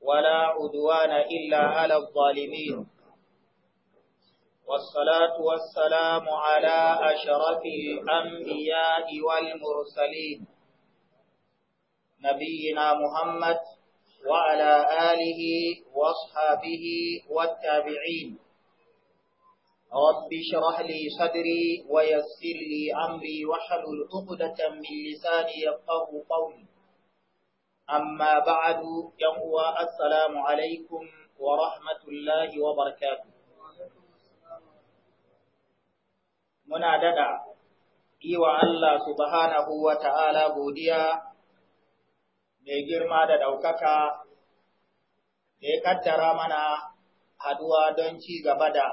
ولا عدوان إلا على الظالمين والصلاة والسلام على أشرف الأنبياء والمرسلين نبينا محمد وعلى آله واصحابه والتابعين رب اشرح لي صدري ويسر لي أمري واحلل عقدة من لساني يفقه قولي Amma ba'adu ‘yan uwa, Assalamu alaikum wa rahmatullahi wa barakatu. Muna daɗa yi wa Allah subhanahu wa ta'ala godiya mai girma da ɗaukaka da ya kaddara mana haduwa don ci gaba da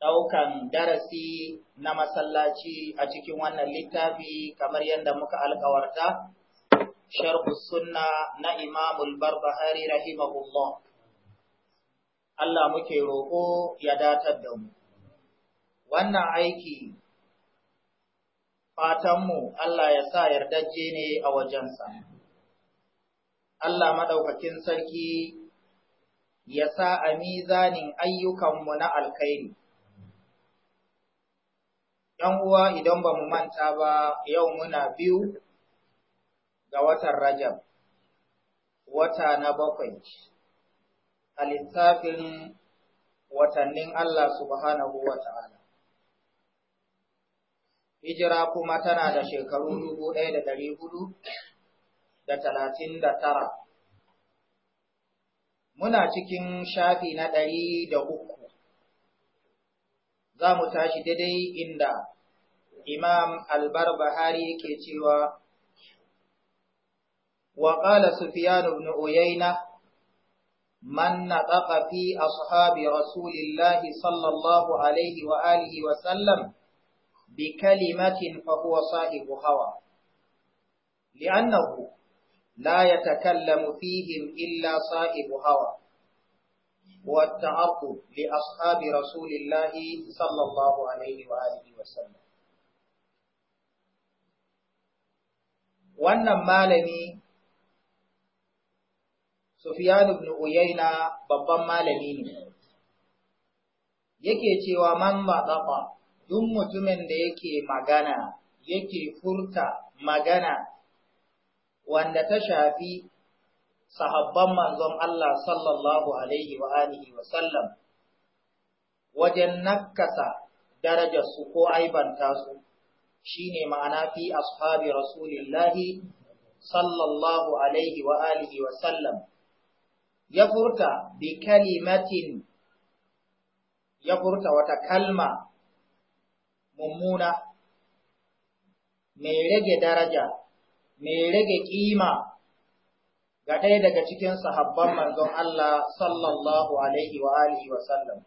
ɗaukan darasi na masallaci a cikin wannan littafi kamar yadda muka alkawarta. شرح السنة نا إمام البربهاري رحمه الله الله مكي روكو يدات الدم Wannan aiki. fatanmu Allah ya sa je ne a wajensa. Allah maɗaukakin sarki ya sa a mizanin ayyukanmu na alkhairi. ‘Yan uwa idan bamu manta ba yau muna biyu ga watan Rajab, wata na bakwai, a littafin watannin Allah subhanahu wa ta'ala. Hijira kuma tana da shekaru dubu ɗaya da ɗari hudu da talatin da tara. Muna cikin shafi na ɗari da uku, za mu tashi daidai inda Imam Albarbahari ke cewa وقال سفيان بن عيينة من نطق في أصحاب رسول الله صلى الله عليه وآله وسلم بكلمة فهو صاحب هوى لأنه لا يتكلم فيهم إلا صاحب هوى والتعقب لأصحاب رسول الله صلى الله عليه وآله وسلم wannan malami Sufyan ibn Uyayna babban malami ne. Yake cewa man maɗaɓa duk mutumin da yake magana, yake furta magana wanda ta shafi sahabban manzon Allah sallallahu Alaihi wa alihi wa sallam wajen nakasa darajarsu ko aibanta su. shine ma'ana fi ashabi rasulillahi sallallahu alaihi wa alihi wa sallam ya furta bi kalimatin ya furta wata kalma mummuna mai rage daraja mai rage kima ga ɗaya daga cikin sahabban manzon Allah sallallahu alaihi wa alihi wa sallam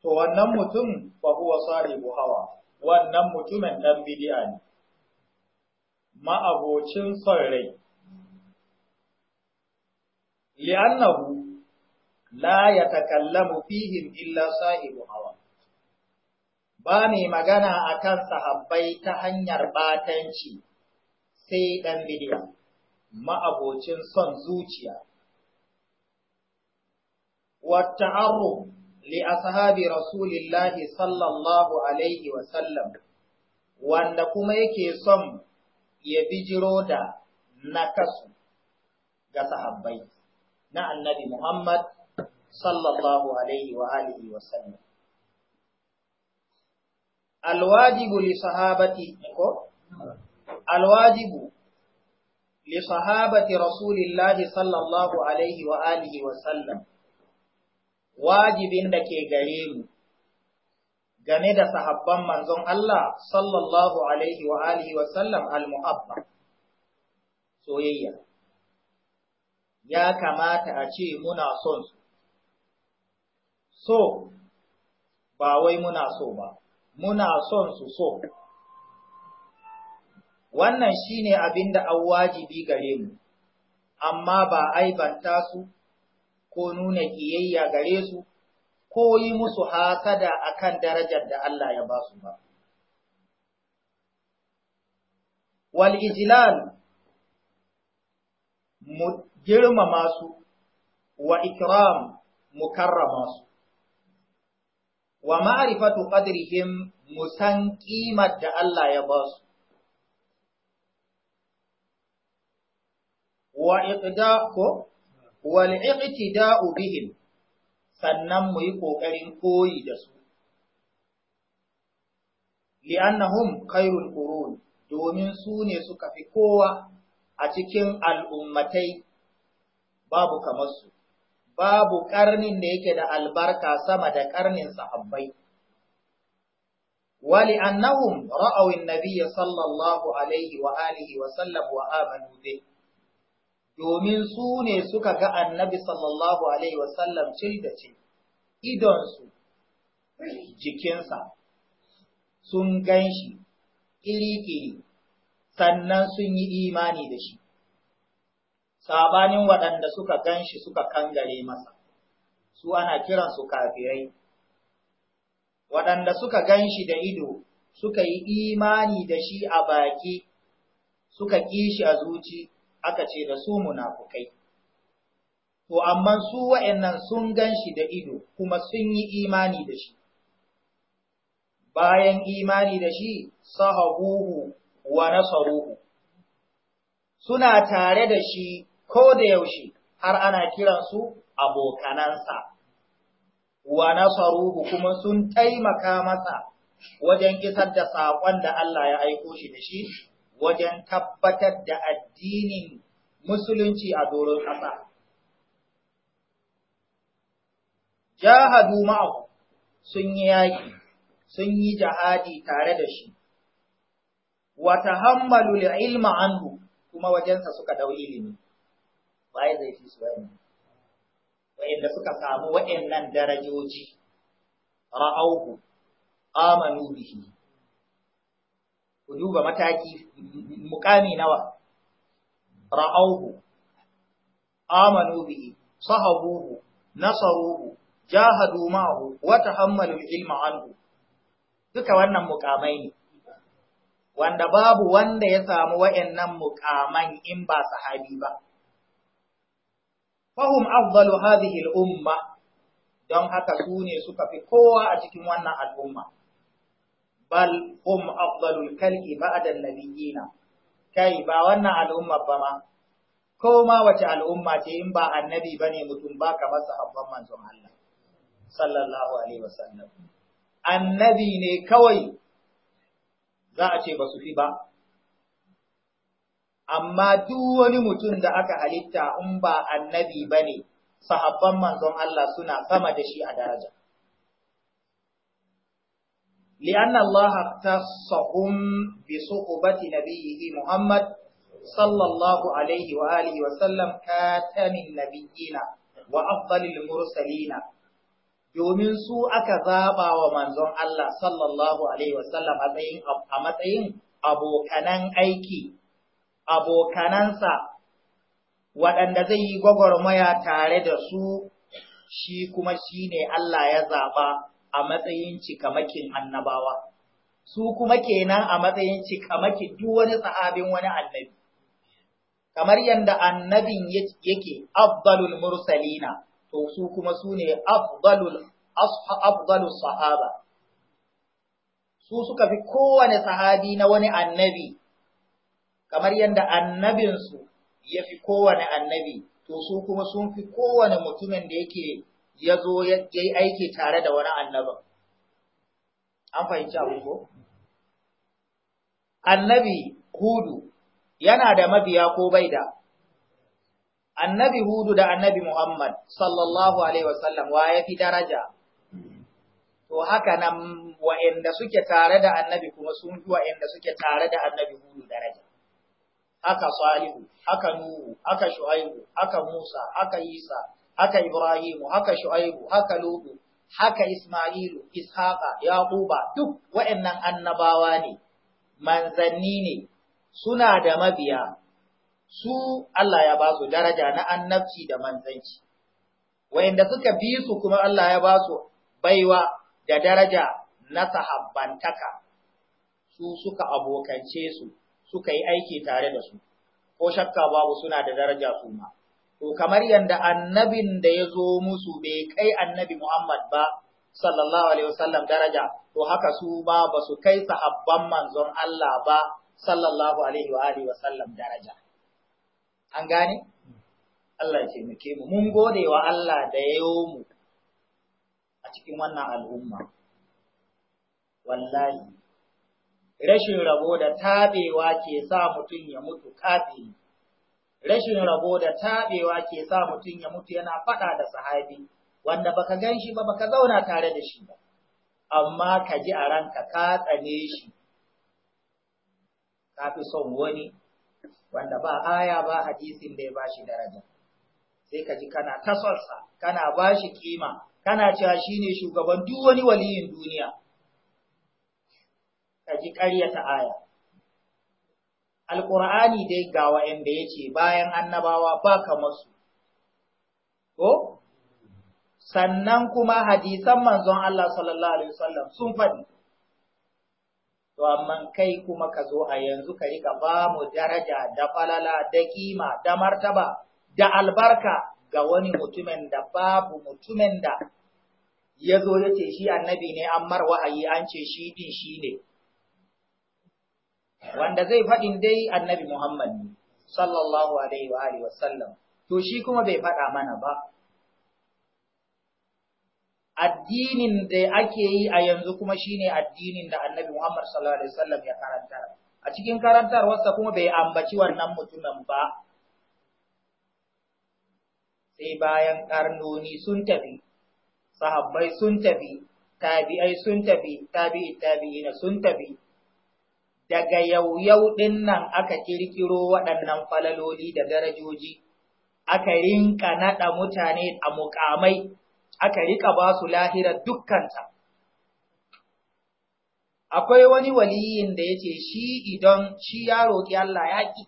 to wannan mutum fa huwa sahibu hawa wannan mutumin dan bid'a ne ma'abocin son rai li'annahu la yatakallamu fihim illa sahibu hawa ba mai magana akan sahabbai ta hanyar batanci sai ɗan bidiya ma'abocin son zuciya والتعرض لأصحاب رسول الله صلى الله عليه وسلم wanda kuma yake son ya bijiro da nakasu ga sahabbai na annabi Muhammad sallallahu alaihi wa alihi wa sallam. Alwajibu li sahabati ko? Alwajibu li sahabati Rasulillahi sallallahu alaihi wa alihi wa sallam. Wajibin da ke gare mu game da sahabban manzon Allah sallallahu alaihi wa alihi wa sallam al-muhabba soyayya. ya kamata a ce muna son su. So, ba wai muna so ba, muna son su so. Wannan shi ne abin da an wajibi gare mu, amma ba aibanta su ko nuna ƙiyayya gare su ko yi musu hasada kan darajar da Allah ya ba su ba. Wal girmama su wa ikram mukarrama su wa ma'rifatu qadrihim musan ƙimar da Allah ya ba su wa iqda'u wal iqtida'u bihim sannan mu yi kokarin koyi da su li'annahum khairul qurun domin su ne suka fi kowa a cikin al'ummatai babu kamar su babu karnin da yake da albarka sama da karnin sahabbai wali annahum ra'aw an sallallahu alaihi wa alihi wa sallam wa amanu bi domin su ne suka ga annabi sallallahu alaihi wa sallam cil da ce, idon su jikinsa sun ganshi iri kiri sannan sun yi imani da shi sabanin waɗanda suka ganshi suka kangare masa su ana kiransu kafirai waɗanda suka ganshi da ido suka yi imani da shi a baki suka kishi a zuci aka ce da su munafukai to amma su wa'annan sun gan shi da ido kuma sun yi imani da shi bayan imani da shi sahabuhu wa nasaruhu suna tare da shi ko da yaushe har ana kiransu abokanansa, wa nasaruhu kuma sun taimaka masa wajen isar da saƙon da Allah ya aiko shi da shi, wajen tabbatar da addinin musulunci a doron ƙasa. Jahadu ma'ahu sun yi yaƙi, sun yi jihadi tare da shi, wata hammalu ilma anhu kuma wajensa suka dau ilimi. waye zai fi su Wa wa'inda suka samu wa'innan darajoji ra'auhu amanu bihi ku duba mataki mukami nawa ra'auhu amanu bihi sahabuhu nasaruhu jahadu ma'ahu wa tahammalu ilma anhu duka wannan mukamai ne wanda babu wanda ya samu wa'annan mukaman in ba sahabi ba fahum afdalu hadhihi al-umma don haka su ne suka fi kowa a cikin wannan al'umma bal hum afdalul kalki ba'da nabiyina kai ba wannan al'umma ba ma ko ma wace al'umma ce in ba annabi bane mutum ba masa habban manzon Allah sallallahu alaihi wasallam annabi ne kawai za a ce ba su fi ba amma duk wani mutum da aka halitta in ba annabi ba ne sahabban manzon Allah suna sama da shi a daraja. لأن الله اختصهم بصحبة نبيه محمد صلى الله عليه وآله وسلم كاتم النبيين وأفضل domin su aka zaba wa manzon Allah sallallahu a matsayin abokanan aiki abokanansa waɗanda zai yi gwagwarmaya tare da su shi kuma shi ne Allah ya zaɓa a matsayin cikamakin annabawa, su kuma kenan a matsayin cikamakin duk wani sahabin wani annabi. Kamar yadda annabin yake afdalul mursalina, to su kuma su ne afdalul sahaba. Su suka fi kowane sahabi na wani annabi kamar yadda annabinsu ya fi kowane annabi to su kuma sun fi kowane mutumin da yake ya zo ya yi aiki tare da wani annabin an fahimci abu ko annabi hudu yana da mabiya ko bai da annabi hudu da annabi muhammad sallallahu alaihi wasallam wa ya fi daraja to haka nan wa'anda suke tare da annabi kuma sun fi wa'anda suke tare da annabi hudu daraja haka Salihu, haka Nuhu, haka Shu'aibu, haka Musa, haka Isa, haka Ibrahimu, haka Shu'aibu, haka Lutu, haka Ismailu, Ishaqa, Yaquba, duk waɗannan annabawa ne, manzanni ne, suna da mabiya, su Allah ya ba su daraja na annabci da manzanci. Waɗanda suka bi su kuma Allah ya ba su baiwa da daraja na sahabbantaka, su suka abokance su. suka yi aiki tare da su, ko shakka babu suna da daraja su ma. To kamar yadda annabin da ya zo musu bai kai annabi Muhammad ba, sallallahu alaihi wasallam daraja, to haka su ba ba su kai sahabban manzon Allah ba, sallallahu alaihi wa alihi wasallam daraja. An gane? Allah ce muke mu, mun gode wa Allah da ya mu a cikin wannan al'umma. Wallahi, rashin rabo da taɓewa ke sa mutum ya mutu kafiri. Rashin rabo da taɓewa ke sa mutum ya mutu yana faɗa da sahabi, wanda baka gan shi ba baka zauna tare da shi ba, amma ka ji a ranka ka tsane shi, ka fi son wani wanda ba aya ba hadisin bai ya ba shi daraja. Sai ka ji kana tasarsa, kana ba shi kima, kana cewa shi ne shugaban duk wani waliyin duniya. ka ji ta aya. Alƙur'ani dai ga wa'yanda ya ce bayan annabawa ba kamar ko? Sannan kuma hadisan manzon Allah sallallahu Alaihi wasallam sun faɗi. To, amma kai kuma ka zo a yanzu ka yi ba mu daraja da falala da kima da martaba da albarka ga wani mutumin da babu mutumin da ya zo ya ce shi annabi ne an mar wa'ayi an ce shi ɗin shi ne. wanda zai faɗin dai annabi Muhammad sallallahu alaihi wa alihi wasallam to shi kuma bai faɗa mana ba addinin da ake yi a yanzu kuma shine addinin da annabi Muhammad sallallahu alaihi wasallam ya karanta a cikin karantar wasa kuma bai ambaci wannan mutumin ba sai bayan karnoni sun tafi sahabbai sun tafi tabi'ai sun tafi tabi'i tabi'ina sun tafi daga yauyau ɗin nan aka kirkiro waɗannan falaloli da darajoji, aka rinka naɗa mutane a mukamai, aka rika ba su lahirar dukkanta. Akwai wani waliyin da ya ce shi idan shi ya roƙi Allah ya ƙi,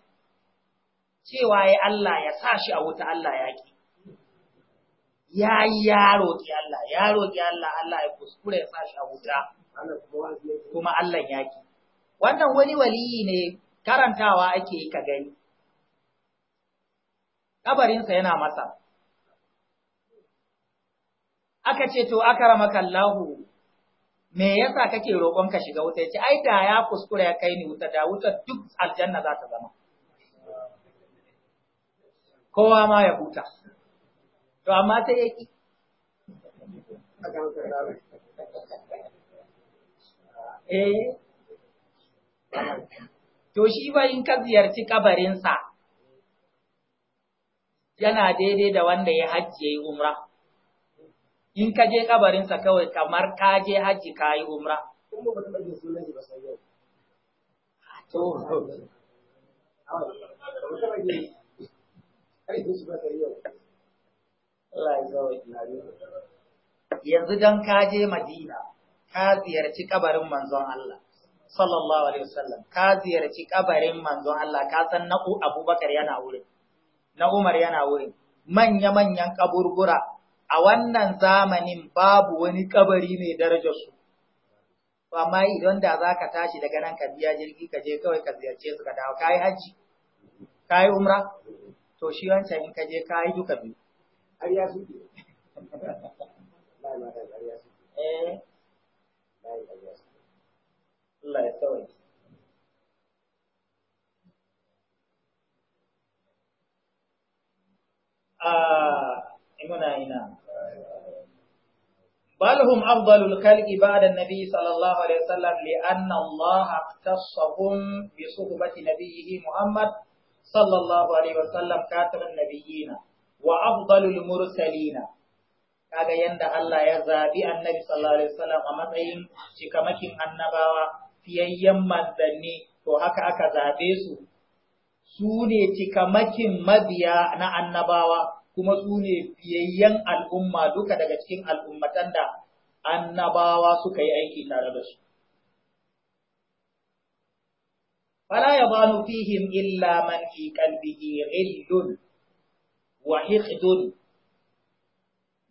cewa ya Allah ya sa shi a wuta Allah ya ƙi. Ya yi ya roƙi Allah, ya roƙi Allah, Allah ya kuskure ya sa shi a wuta, kuma Allah ya ƙi. wannan wani waliyi ne karantawa ake yi ka gani kabarinsa yana masa aka ce to rama Kallahu, me yasa kake roƙon ka shiga wuta yace ai da ya kuskura ya kai ni wuta da wuta duk aljanna za ta zama kowa ma ya huta to amma sai yaki eh To shi ba in ka ziyarci kabarinsa yana daidai da wanda ya hajji ya yi umra. In ka je kabarinsa kawai kamar ka je hajji ka yi umra. Yanzu don ka je Madina, ka ziyarci kabarin manzon Allah. sallallahu alaihi wasallam ka ziyarci kabarin manzon Allah ka san na Abubakar yana wurin na Umar yana wurin manya manyan kaburbura a wannan zamanin babu wani kabari mai darajar su amma idan da zaka tashi daga nan ka biya jirgi ka je kawai ka ziyarce su ka dawo kai haji kai umra to shi wancan in ka je kai duka biyu har ya suke eh الله يستوعب آه، بل هم أفضل الخلق بعد النبي صلى الله عليه وسلم لأن الله اختصهم بصحبة نبيه محمد صلى الله عليه وسلم كاتب النبيين وأفضل المرسلين kaga yanda الله يزابي النبي صلى الله عليه وسلم a matsayin cikamakin annabawa fiyayyen manzanni to haka aka zaɓe su su ne cikamakin mabiya na annabawa kuma su ne fiyayyen al'umma duka daga cikin al'ummatan da annabawa suka yi aiki tare da su. Fala ya banu fihim illa man fi ghillun wa hiqdun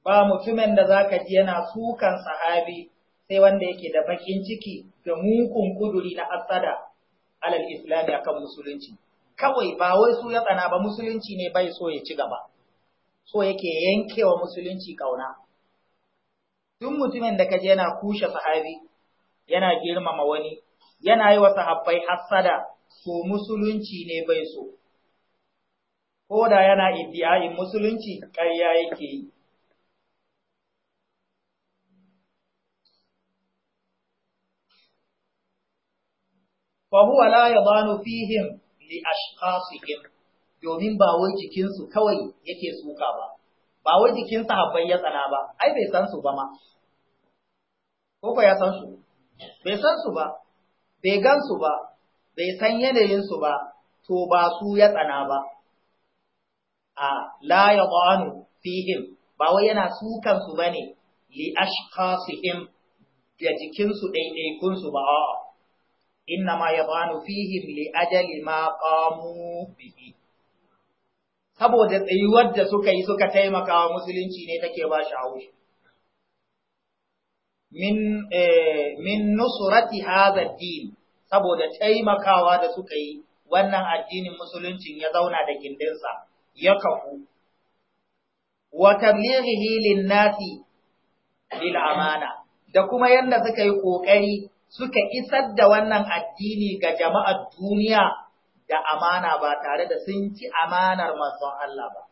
ba mutumin da zaka ji yana sukan sahabi sai wanda yake da bakin ciki da mukun kuduri na asada alal islami akan musulunci kawai ba wai su ya tsana ba musulunci ne bai so ya ci gaba so yake yankewa musulunci kauna duk mutumin da kaje yana kushe sahabi yana girmama wani yana yi wa sahabbai hasada so musulunci ne bai so ko da yana iddiayin musulunci ƙarya yake yi fa huwa la yadanu fihim li ashqasihim domin ba wai jikinsu kawai yake suka ba ba wai jikin sahabbai ya tsana ba ai bai san su ba ma ko ko ya san su bai san su ba bai gan su ba bai san yanayin su ba to ba su ya tsana ba a la yaqanu fihim ba wai yana sukan su bane li ashqasihim da jikinsu su ba a'a innama yabanu fihim li ajali ma qamu bihi saboda tsayuwar da suka yi suka taimaka wa musulunci ne take ba shi min min nusrati hadha din saboda taimakawa da suka yi wannan addinin musuluncin ya zauna da gindinsa ya kafu wa tablighihi lin-nasi bil amana da kuma yanda suka yi kokari suka isar da wannan addini ga jama'ar duniya da amana ba tare da sun ci amanar mazan Allah ba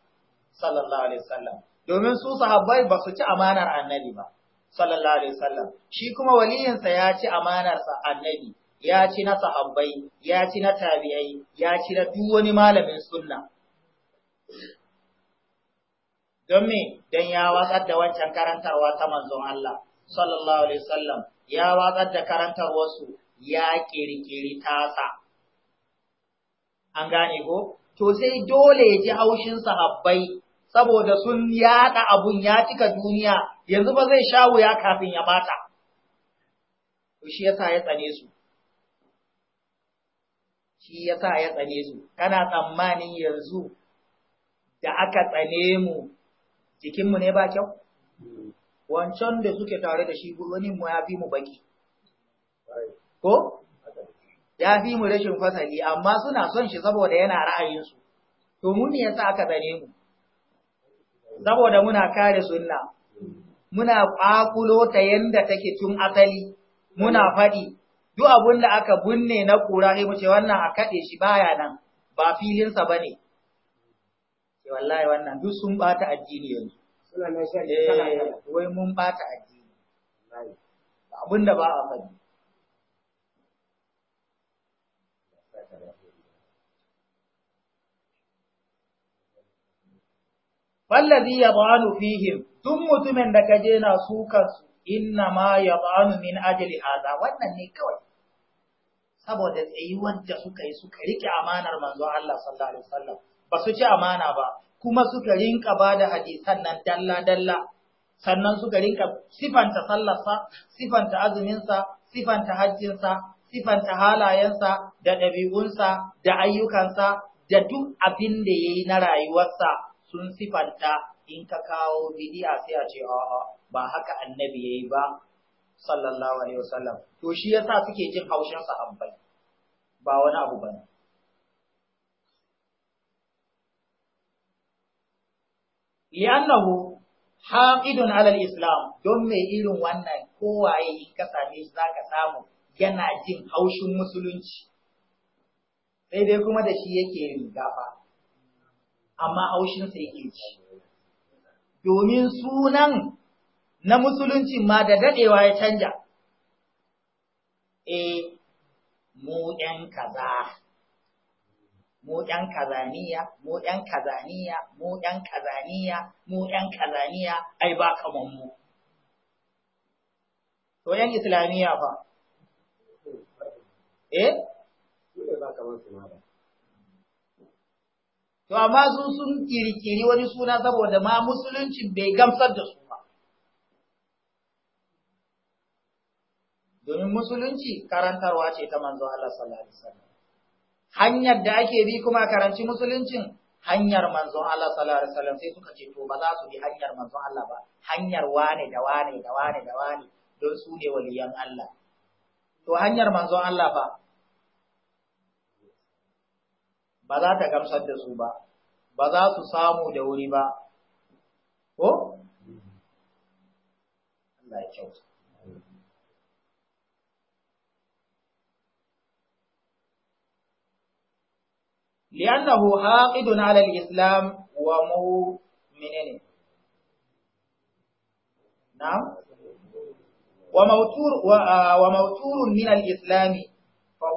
sallallahu alaihi wasallam domin su sahabbai ba su ci amanar annabi ba sallallahu alaihi wasallam shi kuma waliyinsa ya ci amanarsa annabi ya ci na sahabbai ya ci na tabi'ai ya ci na duk wani malamin sunna don me don ya watsar da wancan karantarwa ta manzon Allah sallallahu alaihi wasallam ya watsar da karantarwarsu ya kirkiri tasa. An gane ko? To sai dole ya ji haushin sahabbai saboda sun yaɗa abun ya cika duniya yanzu ba zai sha wuya kafin ya mata. To shi yasa ya tsane su. Shi yasa ya tsane su. Kana tsammanin yanzu da aka tsane mu jikinmu ne ba kyau? wancan da suke tare da shi wani ya fi mu baki ko ya fi mu rashin fasali amma suna son shi saboda yana ra'ayinsu to mun ne yasa aka zane mu saboda muna kare sunna muna ƙwaƙulo ta yanda take tun asali muna faɗi duk abin da aka binne na ƙura sai mu wannan a kaɗe shi baya nan ba filinsa ba ne wallahi wannan duk sun ɓata addini yanzu Eh, wai mun bata addini abin da ba a faɗi Wallazi ya ba'anu fihim, tun mutumin da ka je na sukansu, inna ma ya ba'anu min ajali haza, wannan ne kawai. Saboda tsayuwar da suka yi suka riƙe amanar manzo Allah sallallahu Alaihi wasallam, ba su ci amana ba, kuma suka rinka ba da hadisan nan dalla-dalla sannan suka rinka sifanta sallarsa sifanta azuminsa sifanta hajjinsa sifanta halayensa da ɗabi'unsa da ayyukansa da duk abin da ya yi na rayuwarsa sun sifanta in ka kawo bidiya sai a ce a'a ba haka annabi ya yi ba sallallahu alaihi wasallam to shi yasa suke jin haushin sahabbai ba wani abu bane li'annahu haqidun alal islam don mai irin wannan kowaye in ka same shi zaka samu yana jin haushin musulunci sai dai kuma da shi yake yin gafa amma haushin sai yake ci domin sunan na musulunci ma da dadewa ya canja eh mu ‘yan kaza, mu ɗan kazaniya, mu ɗan kazaniya, mu ɗan kazaniya, mu ɗan kazaniya, ai ba kaman mu. To ‘yan Islamiyya fa? Eh? To amma su sun kirkiri wani suna saboda ma musulunci bai gamsar da su ba. Domin musulunci karantarwa ce ta manzo Allah sallallahu Alaihi wasallam. hanyar da ake bi kuma karanci musuluncin hanyar manzon Allah sallallahu alaihi wasallam sai suka ce to ba za su bi hanyar manzon Allah ba hanyar wane da wane da wane da wane don su ne waliyan Allah to hanyar manzon Allah ba ba za ta gamsar da su ba ba za su samu da wuri ba ko Allah ya kyauta li'annahu haqidun 'ala al-islam wa mu'minin na'am wa mawtur wa mawturun min al-islam fa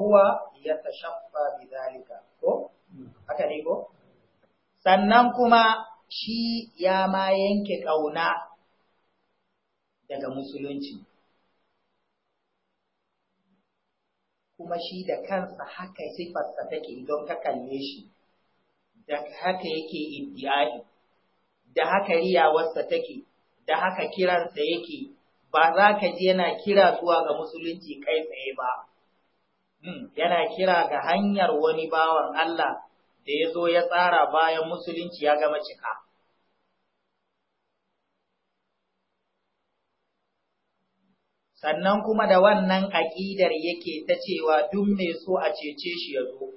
sannan kuma shi ya ma yanke ƙauna daga musulunci kuma shi da kansa haka sifarsa take don ka kalle shi da haka yake iddiai da haka riyawarsa take da haka kiransa yake ba za ka ji yana kira zuwa ga musulunci kai tsaye ba hmm, yana kira ga hanyar wani bawan Allah da ya zo ya tsara bayan musulunci ya gama cika sannan kuma da wannan aƙidar yake ta cewa duk mai so a cece shi ya zo.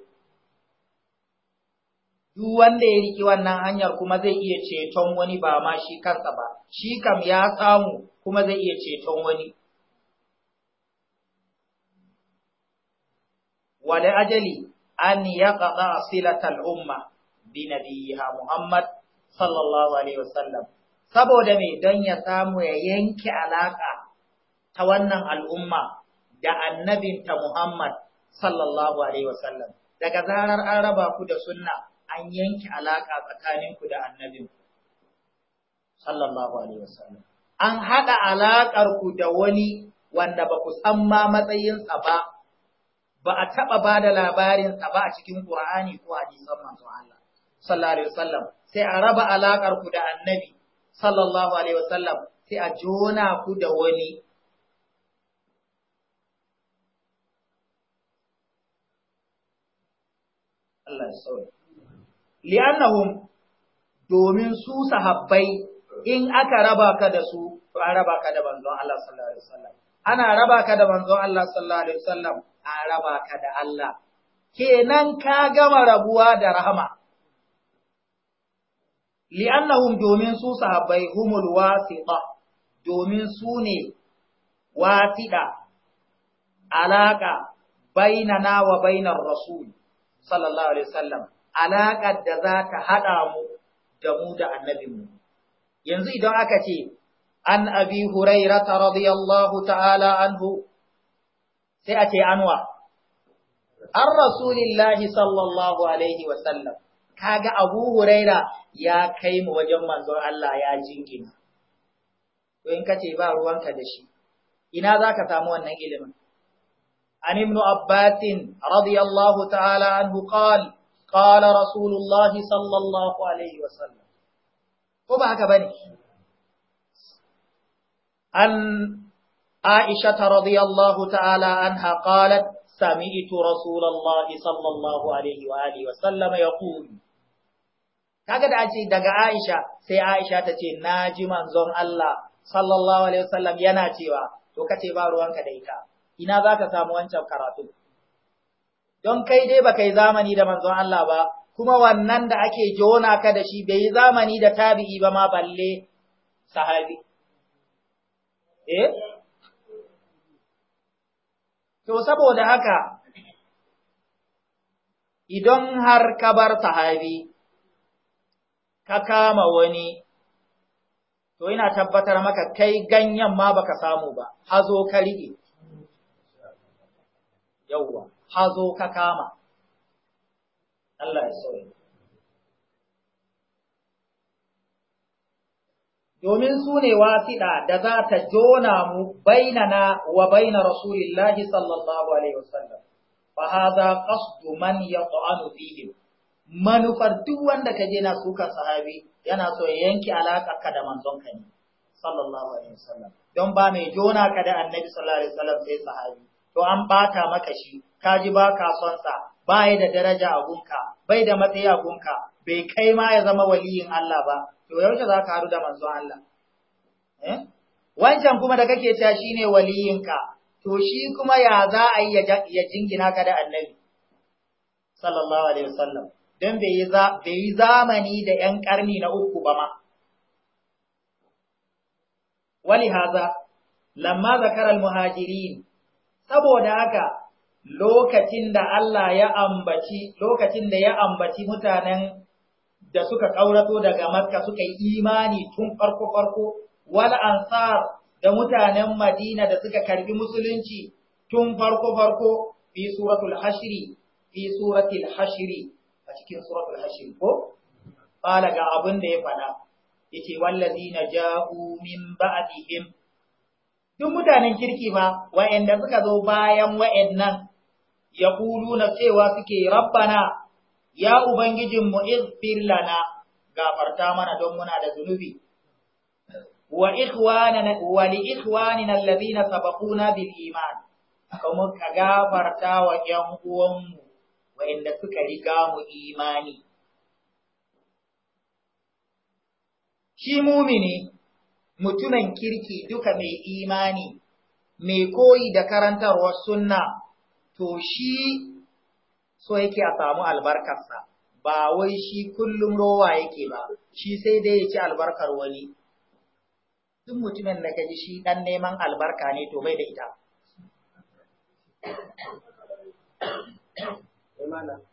Duk wanda ya riki wannan hanyar kuma zai iya ceton wani ba ma shi kansa ba, shi kam ya samu kuma zai iya ceton wani. Wale ajali an ya a silatal umma bi nabiyiha Muhammad sallallahu Alaihi wasallam, saboda mai don ya samu ya yanke alaƙa ta wannan al'umma da annabinta Muhammad sallallahu Alaihi wasallam. Daga zarar an raba ku da sunna an yanki alaƙa tsakaninku da annabinku sallallahu Alaihi wasallam. An haɗa alaƙarku da wani wanda ba ku san ma matsayinsa ba, ba a taɓa ba da labarinsa ba a cikin Ƙur'ani ko hadisan masu Allah sallallahu Alaihi wasallam. Sai a raba alaƙarku da annabi sallallahu Alaihi wasallam sai a jona ku da wani Allah ya sauri. Li'annahum domin su sahabbai in aka raba ka da su to an raba ka da manzon Allah sallallahu alaihi wasallam. Ana raba ka da manzon Allah sallallahu alaihi wasallam a raba ka da Allah. Kenan ka gama rabuwa da rahama. Li'annahum domin su sahabbai humul wasiqa domin su ne wasiqa alaka bainana wa bainar rasul sallallahu alaihi wasallam alaƙar da za ta haɗa mu da mu da annabinmu yanzu idan aka ce an abi Huraira ta radiyallahu ta'ala anhu sai a ce anwa an rasulillahi sallallahu alaihi wasallam kaga abu huraira ya kai mu wajen manzon Allah ya jingina to in ka ce ba ruwanka da shi ina zaka samu wannan ilimin عن ابن عباس رضي الله تعالى عنه قال قال رسول الله صلى الله عليه وسلم وما كبني عن عائشة رضي الله تعالى عنها قالت سمعت رسول الله صلى الله عليه وآله وسلم يقول kaga da ce daga Aisha sai Aisha ta ce naji manzon Allah sallallahu alaihi wasallam yana cewa to kace ba ruwanka da ita ina za ka samu wancan karatu don kai dai ba kai zamani da manzon Allah ba kuma wannan da ake jona ka da shi bai yi zamani da tabi'i ba ma balle sahabi eh to saboda haka idan har ka bar sahabi ka kama wani to ina tabbatar maka kai ganyen ma baka samu ba hazo ka riƙe. yawwa hazo ka kama Allah ya sauya domin su ne wasiɗa da za ta jona mu bainana wa baina rasulillahi sallallahu alaihi wasallam fa hadha qasdu man yat'anu fihim manufar duk wanda ka je na suka sahabi yana so ya alaka ka da manzon ka ne sallallahu alaihi wasallam don ba mai jona ka da annabi sallallahu alaihi wasallam sai sahabi to an ɓata maka shi, ka ji ba ka son sa, da daraja a gunka, bai da matsayi a gunka, bai kai ma ya zama waliyin Allah ba, to yaushe za ka haru da manzon Allah. Eh? Wancan kuma da kake cewa shine ne waliyinka, to shi kuma ya za a yi ya jingina ka da annabi, sallallahu Alaihi wasallam, don bai yi zamani da ‘yan karni na uku ba ma. Wali haza, lamma zakarar muhajirin saboda haka lokacin da Allah ya ambaci lokacin da ya ambaci mutanen da suka kaurato daga Makka suka yi imani tun farko farko wal ansar da mutanen Madina da suka karbi musulunci tun farko farko fi suratul hashri fi suratul hashri a cikin suratul hashri ko qala ga abin da ya fada yace wallazina ja'u min ba'dihim duk mutanen kirki ba wa'anda suka zo bayan wa'annan na cewa suke rabbana ya ubangijinmu izfir lana gafarta mana don muna da zunubi wa ikhwanana wa li ikhwanina alladhina sabaquna bil iman kuma ka gafarta wa 'yan uwanmu wa'anda suka riga mu imani shi mumini mutumin kirki duka mai imani, mai koyi da karantarwar sunna, to shi so yake a samu albarkarsa, ba wai shi kullum rowa yake ba, shi sai dai ya ci albarkar wani. Duk mutumin da kaji shi ɗan neman albarka ne to bai da ita.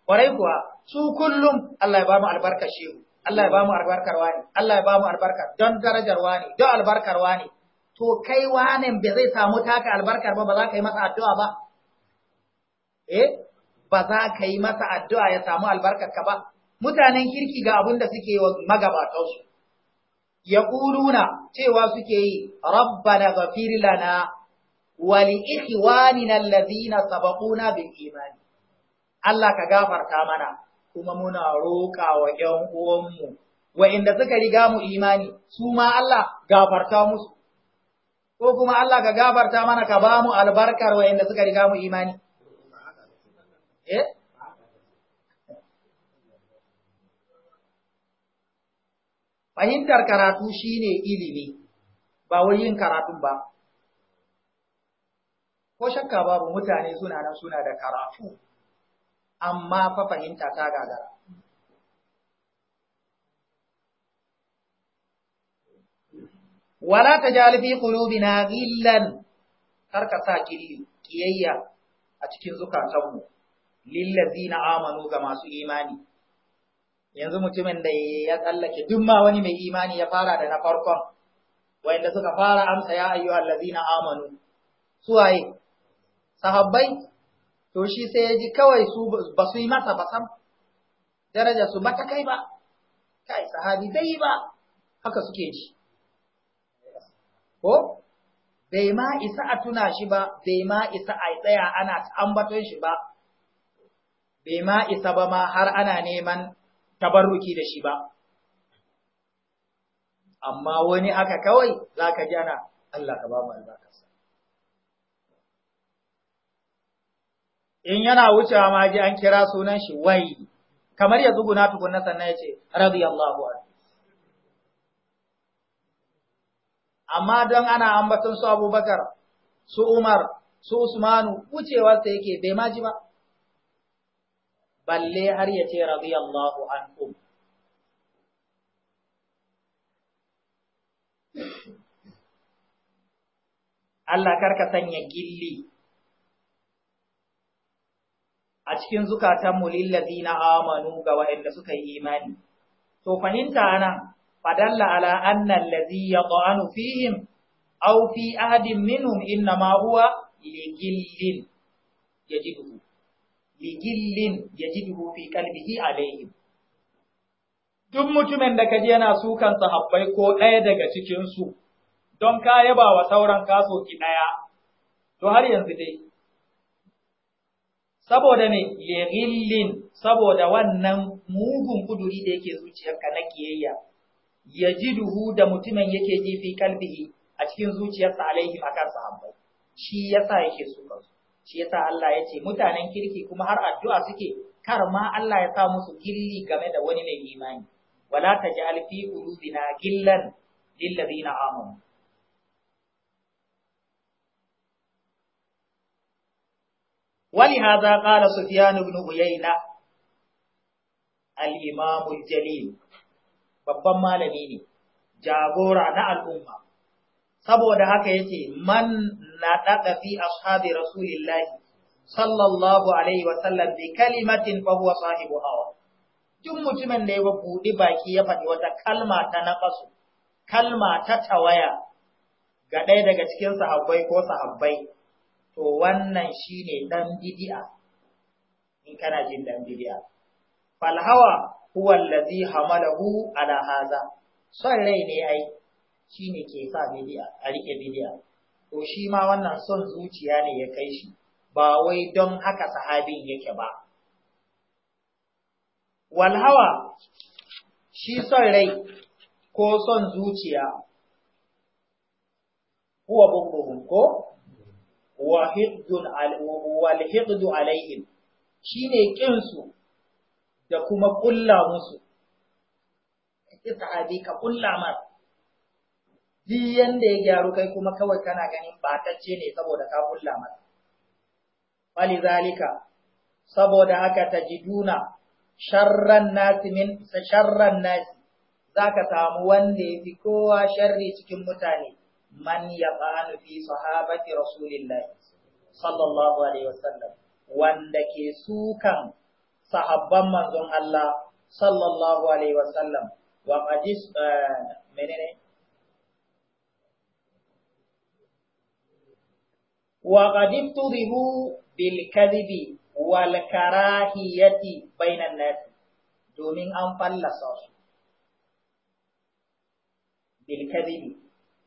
Kwarai kuwa, su kullum Allah ya ba mu albarkar shehu. Allah ya ba mu albarkar wani Allah ya ba mu albarkar don darajar wani don albarkar wani to kai wani bai zai samu taka albarkar ba ba za ka yi masa addu'a ba eh ba za ka yi masa addu'a ya samu albarkar ka ba mutanen kirki ga abin da suke wa magabatansu ya ƙuluna cewa suke yi rabbana ghafir lana wani li ikhwanina lazina sabaquna bin imani Allah ka gafarta mana kuma muna roƙa wa ‘yan uwanmu, wa'inda suka riga mu imani, su ma Allah gafarta musu, ko kuma Allah ka gafarta mana ka ba mu albarkar wa'inda suka riga mu imani. Eh? Fahimtar karatu shine ilimi, ba wai yin karatun ba. Ko shakka babu mutane suna nan suna da karatu. amma fa fahimta ta gagara wala tajal fi na ghillan karka sa kiyayya a cikin zukatanmu na amanu ga masu imani yanzu mutumin da ya tsallake duk ma wani mai imani ya fara da na farkon wanda suka fara amsa ya na amanu suwaye sahabbai to shi sai ya ji kawai su ba su yi masa ba sam daraja su ta kai ba kai sahabi bai yi ba haka suke ji ko bai ma isa a tuna shi ba bai ma isa a tsaya ana ambaton shi ba bai ma isa ba ma har ana neman tabarruki da shi ba amma wani haka kawai zaka ji ana Allah ka ba mu albarka in yana wucewa ma ji an kira sunan shi wai kamar ya na tukunna sannan ya ce radiyallahu anhu amma don ana ambaton su Abubakar su Umar su Usmanu wucewar sa yake bai ma ji ba balle har ya ce radiyallahu anhum Allah karka sanya gilli a cikin zukatan zukatanmu na amanu ga wayanda suka yi imani. To fahimta nan, fadalla ala anna allazi yaqanu fihim aw fi ahadin minhum inna ma huwa ligillin yajibu ligillin yajibu fi qalbihi alayhim Duk mutumin da kaji yana sukan sahabbai ko ɗaya daga cikinsu, don ka yaba wa sauran kaso ki ɗaya, to har yanzu dai, saboda me lirillin saboda wannan mugun kuduri da yake zuciyarka na kiyayya ya ji duhu da mutumin yake ji fi kalbihi a cikin zuciyarsa alaihi kan sahabbai shi ya yasa yake so kansu shi sa Allah ya ce mutanen kirki kuma har addu'a suke kar ma Allah ya sa musu gilli game da wani mai imani wala ta ji alfi ulubina gillan lillazina amanu ولهذا قال سفيان بن عيينة الإمام الجليل babban malami ne jagora na al'umma saboda haka yace man nadada fi ashabi rasulillahi sallallahu alaihi wa sallam bi kalimatin fa sahibu hawa duk mutumin da ya buɗi baki ya faɗi wata kalma ta naƙasu kalma ta tawaya ga ɗaya daga cikin sahabbai ko sahabbai to wannan shi ne ɗan bid'a in kana jin ɗan bid'a Falhawa huwa allazi hamalahu ala hadha son rai ne ai ne ke sa bid'a a riƙe bid'a to shi ma wannan son zuciya ne ya kai shi ba wai don haka sahabin yake ba walhawa shi son rai ko son zuciya huwa bukuhum ko walhiddu alaihim shi ne ƙinsu da kuma ƙulla musu, sahabi ka ƙulla mar, duk yanda ya gyaru kai kuma kawai kana ganin batacce ne saboda ka ƙulla mar. Fali zalika, saboda haka ta ji duna sharran nasi min sharran nasi, za ka samu wanda ya fi kowa sharri cikin mutane. من يطعن في صحابة رسول الله صلى الله عليه وسلم وندكي سوكا صحابة من ذن الله صلى الله عليه وسلم وقد آه، وقد ابتدئوا بالكذب والكراهية بين الناس دومين أن فلسوا بالكذب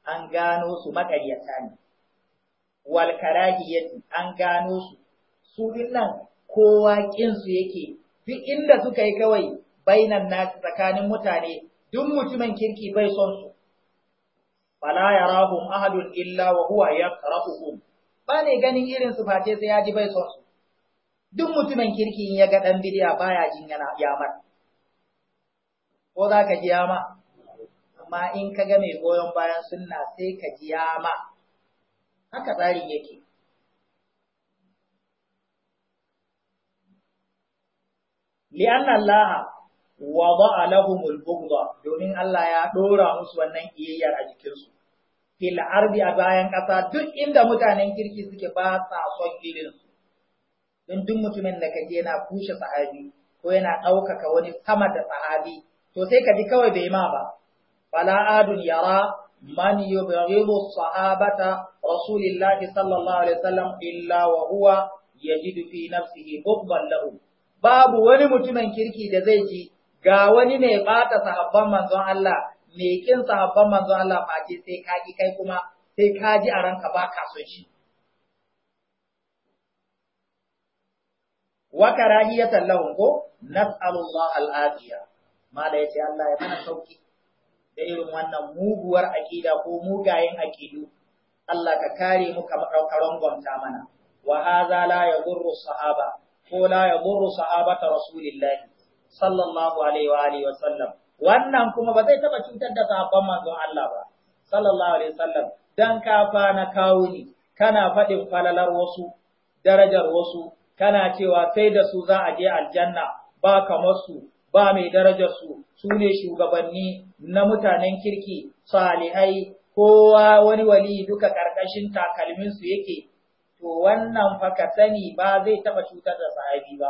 an gano su makaryata ne wal karahiyati an gano su su dinnan kowa ƙinsu yake duk inda suka yi kawai bainan na tsakanin mutane duk mutumin kirki bai son su fala rahun ahadun illa wa huwa yakrahuhum ba ne ganin irin su face sai ya ji bai son su duk mutumin kirki ya ga ɗan bidiya baya jin yana yamar ko za ka ji yama amma in ka ga mai goyon bayan sunna sai ka ji ma. haka tsarin yake li'anna Allah wada'a lahumul bughda domin Allah ya dora musu wannan iyayyar a jikinsu fil ardi a bayan ƙasa duk inda mutanen kirki suke ba sa son irin su don duk mutumin da kaje yana kushe sahabi ko yana ɗaukaka wani sama da sahabi to sai ka ji kawai bai ma ba fala adun yara man yubghidu sahabata rasulillahi sallallahu alaihi wasallam illa wa huwa yajidu fi nafsihi hubban lahu babu wani mutumin kirki da zai ji ga wani ne bata sahabban manzon Allah me kin sahabban manzon Allah face sai ka ki kai kuma sai ka ji a ranka ba ka so shi wa karahiyatan lahum ko nas'alullah al-afiya mala yace Allah ya mana sauki da irin wannan muguwar aƙida ko mugayen aƙidu Allah ka kare mu ka rangonta mana wa hadha la yadurru sahaba ko la sahaba ta rasulillah sallallahu alaihi wa alihi wa sallam wannan kuma ba zai taba cutar da sahabban manzon Allah ba sallallahu alaihi wa sallam dan ka fa na kawo ni kana faɗin falalar wasu darajar wasu kana cewa sai da su za a je aljanna ba kamar su ba mai darajar su su ne shugabanni na mutanen kirki salihai kowa wani wali duka karkashin takalmin su yake to wannan fa sani ba zai taba cutar da sahabi ba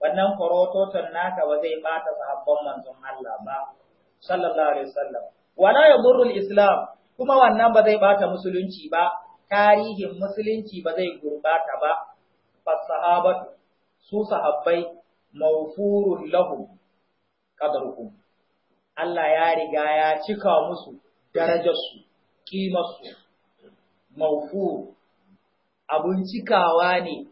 wannan korototon naka ba zai bata sahabban manzon Allah ba sallallahu alaihi wasallam wala ya islam kuma wannan ba zai bata musulunci ba tarihin musulunci ba zai gurbata ba sahabatu su sahabbai mawfurun lahum qadruhum Allah ya riga ya cika musu darajarsu kimarsu mawfur abun cikawa ne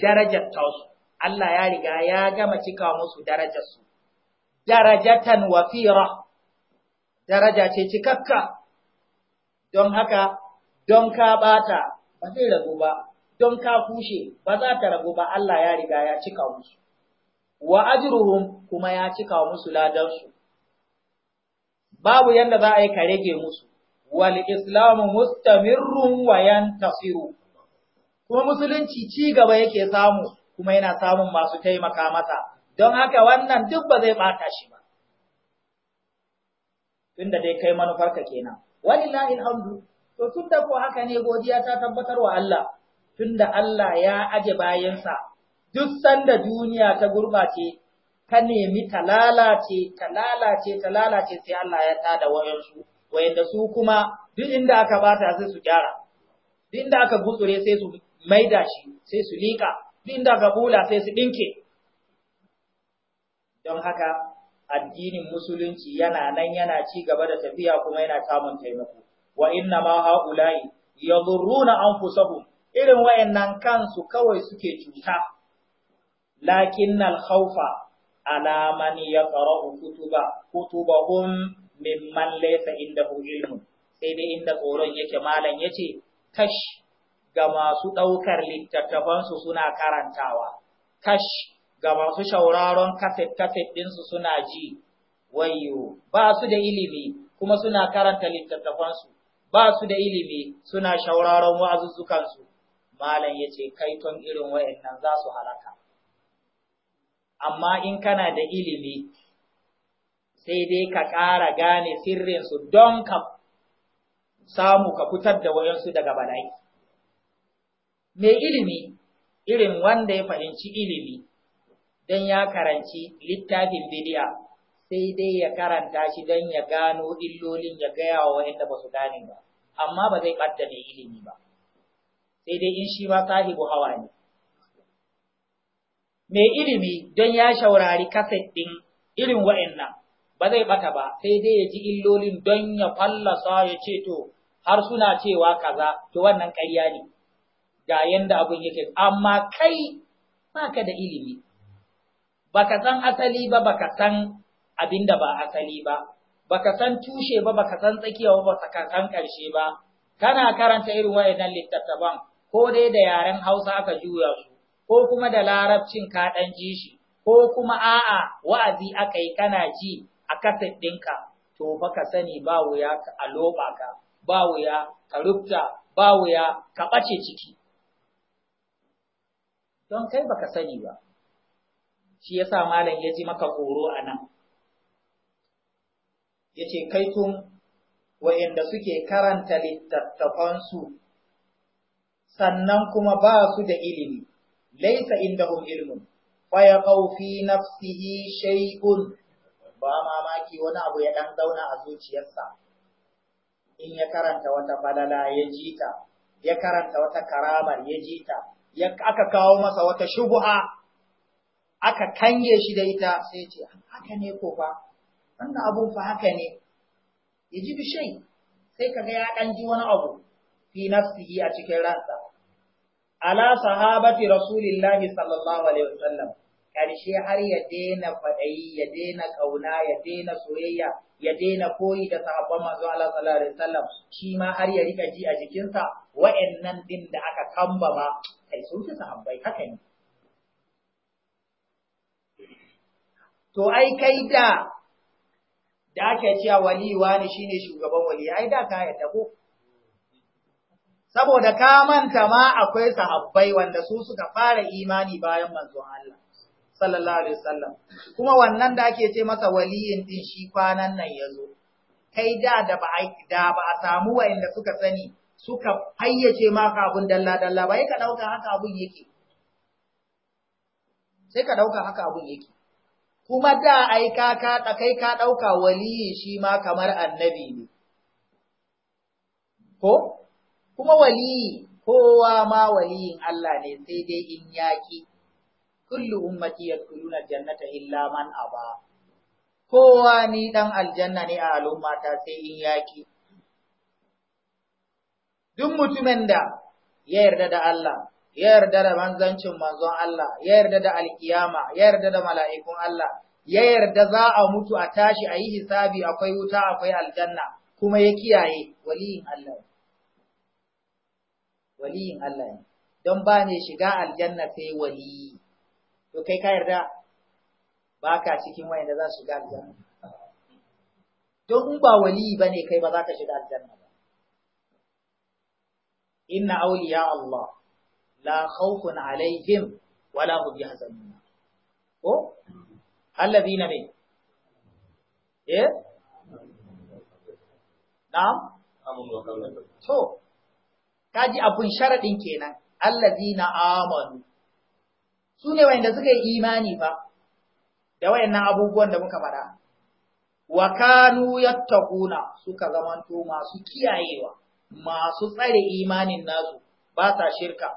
darajar su Allah ya riga ya gama cika musu darajarsu darajatan wafira daraja ce cikakka don haka don ka bata ba zai rabu ba don ka kushe ba za ta rabu ba Allah ya riga ya cika musu wa ajruhum kuma ya cika musu ladansu babu yanda za a yi ka rage musu wal islamu mustamirrun wa yantasiru kuma musulunci ci gaba yake samu kuma yana samun masu taimaka masa don haka wannan duk ba zai bata shi ba tunda dai kai manufarka kenan walillahi alhamdu to tunda ko haka ne godiya ta tabbatar wa Allah tunda Allah ya aje bayansa, duk sanda duniya ta gurbace, ta nemi ta lalace, ta lalace, ta lalace sai Allah ya tada wayansu, wayanda su kuma duk inda aka bata sai su gyara, duk inda aka gutsure sai su maida shi, sai su liƙa, duk inda aka bula sai su ɗinke. Don haka, addinin musulunci yana nan yana ci gaba da tafiya kuma yana samun taimako. Wa inna ma ha'ula'i yadhurruna anfusahum irin wayannan kansu kawai suke cuta lakin al-khawfa ala man yaqra'u kutuba kutubahum mimman laysa indahu ilmu, sai dai inda tsoron yake malam yace kash ga masu daukar littattafansu suna karantawa kash ga masu shauraron kaset kaset ɗinsu suna ji wayo ba su da ilimi kuma suna karanta littattafansu ba su da ilimi suna shauraron wa'azuzzukansu malam ya ce kaiton irin wa'annan za su halaka amma in kana da ilimi sai dai ka ƙara gane sirrinsu don ka samu ka fitar da wayansu daga bala'i mai ilimi irin wanda ya fahimci ilimi don ya karanci littafin bidiya sai dai ya karanta shi don ya gano illolin ya gaya wa wa'anda ba su gane ba amma ba zai ɓadda mai ilimi ba sai dai in shi ma sahibu hawa ne. Mai ilimi don ya shaurari kaset ɗin irin wa'annan ba zai bata ba sai dai ya ji illolin don ya fallasa ya ce to har suna cewa kaza to wannan ƙarya ne ga yanda abun yake amma kai baka da ilimi baka san asali ba baka san abinda ba asali ba baka san tushe ba baka san tsakiya ba baka san ƙarshe ba kana karanta irin wa'annan littattafan ko dai da yaren Hausa aka juya su, ko kuma da larabcin ka ɗan ji shi, ko kuma a'a wa'azi aka yi kana ji a kaset ɗinka, to ba ka sani ba wuya a loɓa ka, ba wuya ka rubta, ba wuya ka ɓace ciki. Don kai baka sani ba, shi ya sa malam ya ji maka koro a nan. Ya ce, tun wa'yanda suke karanta littattafansu sannan kuma ba su da ilimi laisa indahum ilmun Wa yaqau fi nafsihi shay'un ba mamaki wani abu ya dan zauna a zuciyarsa in ya karanta wata falala ya jita ya karanta wata karamar ya jita ya aka kawo masa wata shubuha aka kange shi da ita sai ce haka ne ko fa wannan abun fa haka ne yaji bishai sai kaga ya dan ji wani abu fi nafsihi a cikin ransa ala sahabati rasulillahi sallallahu alaihi wasallam karshe har ya daina fadayi ya daina kauna ya daina soyayya ya daina koyi da sahabban manzo Allah sallallahu alaihi wasallam shi ma har ya rika ji a jikinsa wa'annan din da aka kamba ba kai sun fi sahabbai haka ne to ai kai da da ake cewa waliwa ne shine shugaban wali ai da ka yadda ko saboda ka manta ma akwai sahabbai wanda su suka fara imani bayan manzon Allah sallallahu alaihi wasallam kuma wannan da ake ce masa waliyin din shi kwanan nan yazo kai da da ba da ba a samu wanda suka sani suka fayyace maka abun dalla dalla bai ka dauka haka abun yake sai ka dauka haka abun yake kuma da ai ka ka kai ka dauka waliyi shi ma kamar annabi ne ko kuma waliyi kowa ma waliyin Allah ne sai dai in yaki kullu ummati yadkhuluna jannata illa man aba kowa ni dan aljanna ne a al'umma ta sai in yaki duk mutumin da ya yarda da Allah ya yarda da manzancin manzon Allah ya yarda da alkiyama ya yarda da mala'ikun Allah ya yarda za a mutu a tashi a yi hisabi akwai wuta akwai aljanna kuma ya kiyaye waliyin Allah ne. waliyin Allah ne don ba ne shiga aljanna sai wali to kai ka yarda ba ka cikin wayanda za su shiga aljanna don in ba wali ba ne kai ba za ka shiga aljanna ba inna awliya Allah la khawfun alaihim wala bi yahzanun ko na min eh na'am to kaji abun sharaɗin kenan allazina amanu su ne wanda suka yi imani ba, da wayannan abubuwan da muka faɗa wa kanu yattaquna suka zamanto masu kiyayewa masu tsare imanin nasu ba sa shirka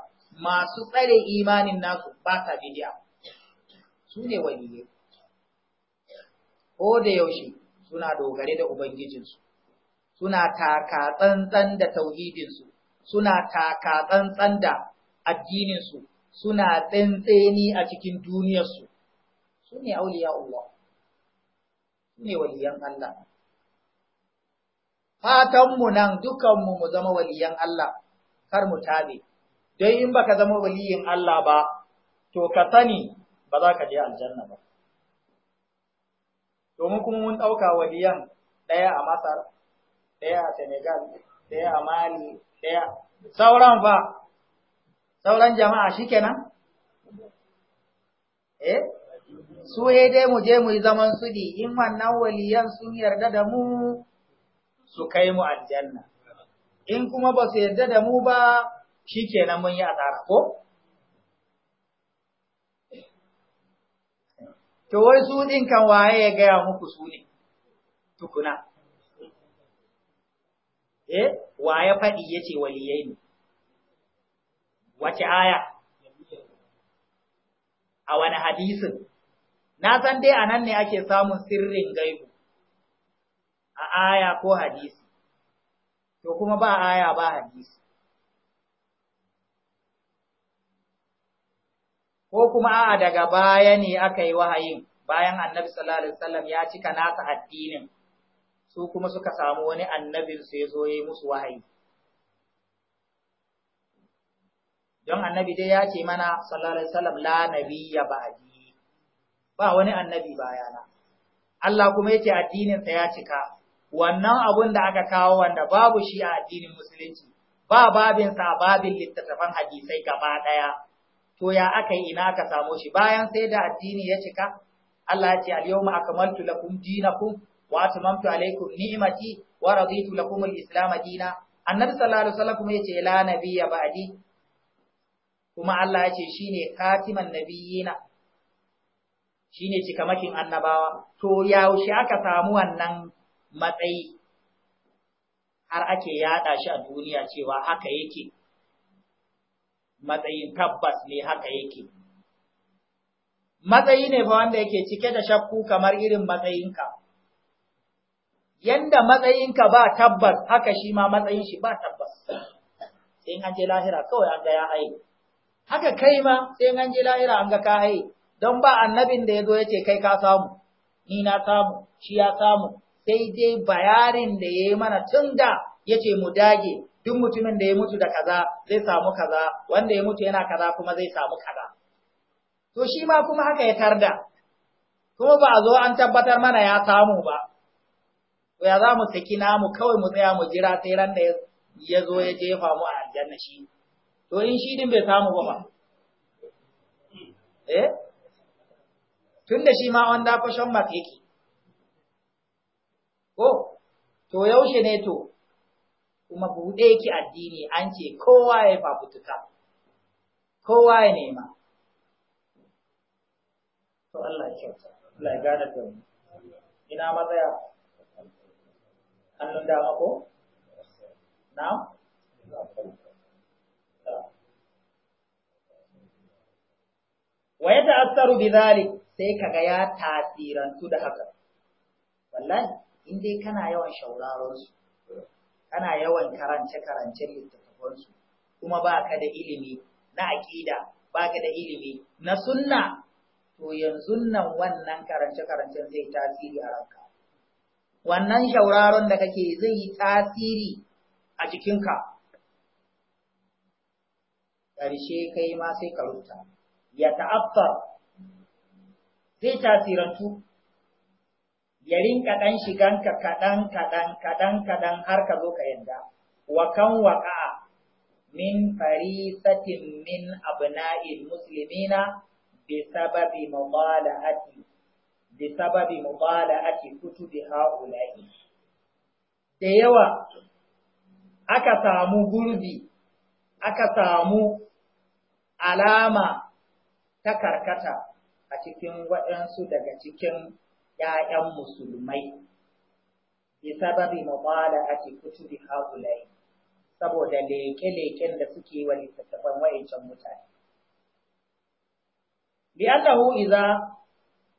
masu tsare imanin nasu ba sa bid'a su ne ko da yaushe suna dogare da ubangijinsu suna taka tsantsan da tauhidinsu suna taka tsantsan da addininsu suna tsantseni a cikin duniyarsu su ne auliya Allah su ne waliyan Allah fatanmu nan dukanmu mu zama waliyan Allah kar mu tabe don in baka zama waliyin Allah ba to ka sani ba za ka je aljanna ba domin kuma mun ɗauka waliyan ɗaya a Masar ɗaya a Senegal ɗaya a Mali sauran fa sauran jama'a shikenan eh su dai mu je mu yi zaman di in wannan waliyan sun yarda da mu su kai mu aljanna in kuma ba su yarda da mu ba shikenan mun yi asara ko to wai su din waye ya gaya muku su ne tukuna eh wa ya faɗi ya ce waliyai ne wace aya a wani hadisin na san dai a nan ne ake samun sirrin gaibu a aya ko hadisi to kuma ba aya ba hadisi ko kuma a'a daga baya ne aka yi wahayin bayan annabi sallallahu alaihi wasallam ya cika nasa addinin su kuma suka samu wani annabin su ya zo yi musu wahayi. Don annabi dai ya ce mana, sallallahu Alaihi wasallam la ya ba'di ba wani annabi bayana. Allah kuma yake addininsa ya cika, wannan abun da aka kawo wanda babu shi a addinin musulunci, ba babinsa babin littattafan hadisai gaba ɗaya, to ya aka yi ina aka samu shi bayan sai da addini ya cika, Allah ya ce, Al-yawma akamaltu lakum dinakum wa atmamtu alaikum ni'mati wa raditu lakum al-islam dina annabi sallallahu alaihi yace la nabiyya ba'di kuma Allah yace shine khatiman nabiyina shine cikamakin annabawa to yaushe aka samu wannan matsayi har ake yada shi a duniya cewa haka yake matsayin tabbas ne haka yake matsayi ne ba wanda yake cike da shakku kamar irin matsayinka yanda matsayinka ba tabbas haka shi ma matsayin shi ba tabbas sai an je lahira kawai an ga ya haye haka kai ma sai an je lahira an ga ka haye don ba annabin da ya zo ya ce kai ka samu ni na samu shi ya samu sai dai bayarin da yayi mana tun da ya mu dage duk mutumin da ya mutu da kaza zai samu kaza wanda ya mutu yana kaza kuma zai samu kaza to shi ma kuma haka ya tarda kuma ba a zo an tabbatar mana ya samu ba to ya za mu saki namu kawai mu tsaya mu jira sai ran da ya zo ya jefa mu a aljanna shi to in shi din bai samu ba ba eh tunda shi ma wanda fashion mark yake ko to yaushe ne to kuma buɗe ki addini an ce kowa ya fafutuka kowa ya nema to Allah ya kyauta Allah ya gane ina matsaya hannun dama ko? na? wa ya ta'assaru bi zalik sai kaga ya tasirantu da haka wallahi in dai kana yawan shauraron su kana yawan karance karance littattafan su kuma baka da ilimi na aqida baka da ilimi na sunna to yanzu nan wannan karance karancen zai tasiri a ranka wannan shauraron da kake zai yi tasiri a jikinka ƙarshe kai ma sai ka rubuta ya ta'affar zai tasirantu ya rinka ɗan shiganka kaɗan kaɗan kaɗan kaɗan har ka zo ka yanda. wa kan waƙa min farisatin min abna'il muslimina bi sababi mubalahati بسبب مطالعة كتب haula'i da yawa aka samu gurbi aka samu alama ta karkata a cikin waɗansu daga cikin ‘ya'yan musulmai bi sababi mabala a kutu bi haulai saboda leƙe-leƙen da suke wa littattafan wa'incan mutane. Bi Allahu iza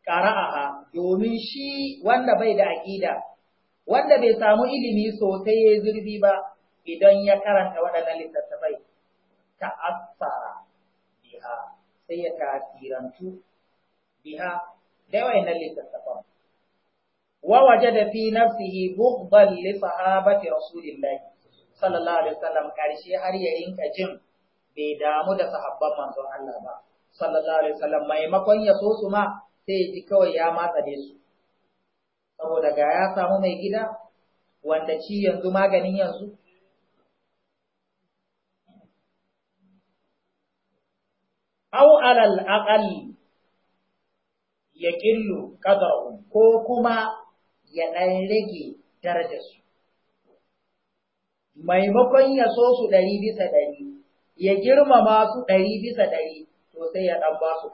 qara'aha domin shi wanda bai da aƙida, wanda bai samu ilimi sosai ya zurfi ba idan ya karanta waɗannan littattafai asara. biha sai ya tasirantu biha da wayannan littattafan wa wajada fi nafsihi bughdan li sahabati rasulillahi sallallahu alaihi wasallam karshe har ya rinka jin bai damu da sahabban manzon Allah ba sallallahu alaihi wasallam maimakon ya so su ma sai ya ji kawai ya matsale su saboda ga ya samu mai gida wanda ci yanzu maganin yanzu aw alal aqal ya killu qada'u ko kuma ya dan rage darajar su maimakon ya so su ɗari bisa ɗari ya girmama su ɗari bisa ɗari to sai ya ɗan ba su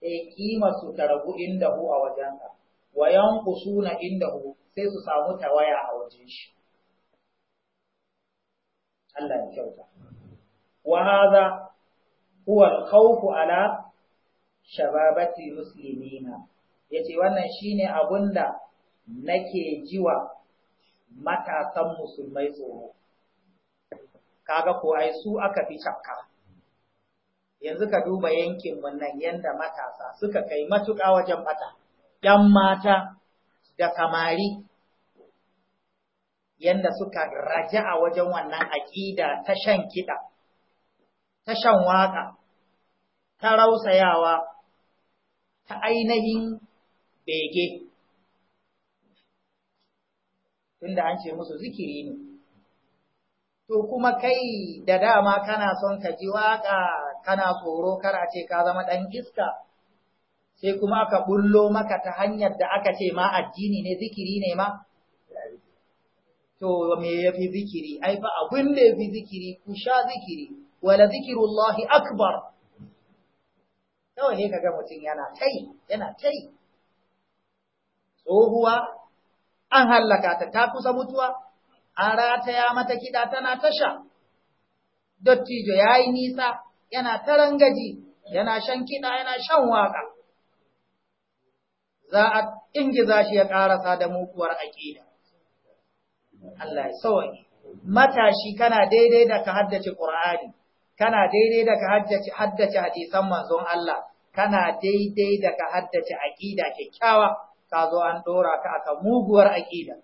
sai eh, kima su ta ragu hu a wajensa wa inda hu sai su samu tawaya a wajen shi Allah ya kyauta wa hadha huwa al ala shababati muslimina yace wannan shine abunda nake jiwa matasan musulmai tsoro kaga ko ai su aka fi shakka yanzu ka duba yankin wannan yanda matasa suka kai matuƙa wajen bata ‘yan mata da kamari yanda suka raja a wajen wannan aƙida ta shan kiɗa ta shan waƙa ta rausayawa ta ainihin bege tunda an ce musu zikiri ne to kuma kai da dama kana son ka ji waƙa kana tsoro kar a ce ka zama ɗan iska sai kuma aka bullo maka ta hanyar da aka ce ma addini ne zikiri ne ma to me ya fi zikiri ai fa abin da fi zikiri ku sha zikiri wala zikirullahi akbar kawai ne ga mutum yana tai yana tai tsohuwa an hallaka ta ta kusa mutuwa an rataya mata kiɗa tana tasha dottijo ya yi nisa yana tarangaji yana shan kiɗa yana shan waka za a ingiza shi ya ƙarasa da mukuwar aƙida Allah ya sauwaƙe matashi kana daidai da ka haddace Qur'ani kana daidai da ka haddace haddace hadisan manzon Allah kana daidai da ka haddace aƙida kyakkyawa ka zo an dora ka aka muguwar aƙida.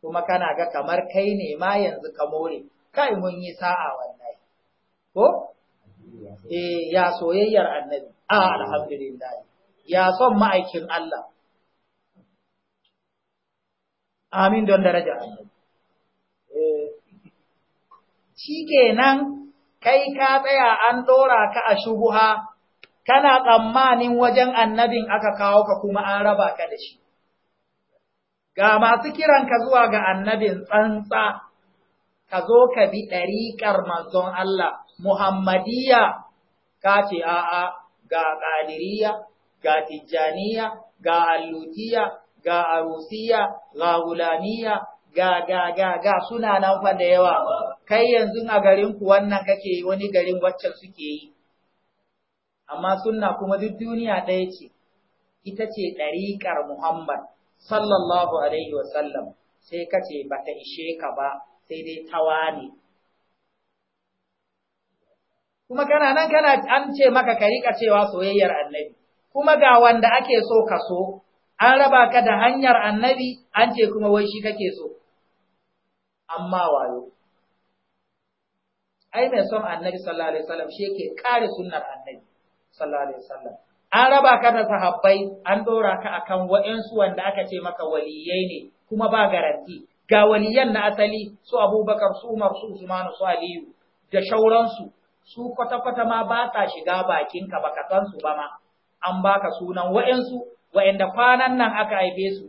kuma kana ga kamar kai ne ma yanzu ka more kai mun yi sa'a wani ko eh ya soyayyar annabi ah, alhamdulillah ya son ma'aikin Allah amin don daraja annabi eh. shikenan kai ka tsaya an dora ka a shubuha kana tsammanin wajen annabin aka kawo ka kuma an raba ka da shi ga masu kiranka zuwa ga annabin tsantsa ka zo ka bi ɗariƙar manzon Allah Muhammadiyya ka ce a'a ga ƙadiriya, ga tijjaniya, ga allutiya, ga arusiya, ga gulaniya, ga ga ga ga suna nan fa da yawa. Kai yanzu a garin ku wannan kake wani garin waccan suke yi. Amma sunna kuma duk duniya ɗaya ce, ita ce ɗariƙar Muhammad sallallahu alaihi wasallam sai ka ce ba ta ishe ka ba sai dai tawa ne. kuma kana nan kana an ce maka ka riƙa cewa soyayyar annabi kuma ga wanda ake so ka so an raba ka da hanyar annabi an ce kuma wai shi kake so amma wayo ai mai son annabi sallallahu alaihi wasallam shi yake kare sunnar annabi sallallahu alaihi wasallam an raba ka da sahabbai an dora ka akan wa'ansu wanda aka ce maka waliyai ne kuma ba garanti ga waliyan na asali su Abubakar su Umar su Usman su Aliyu da shauransu su kwata-kwata ma ba sa shiga bakinka ba ka san su ba ma, an baka sunan wa'yansu, wa'yanda kwanan nan aka haife su.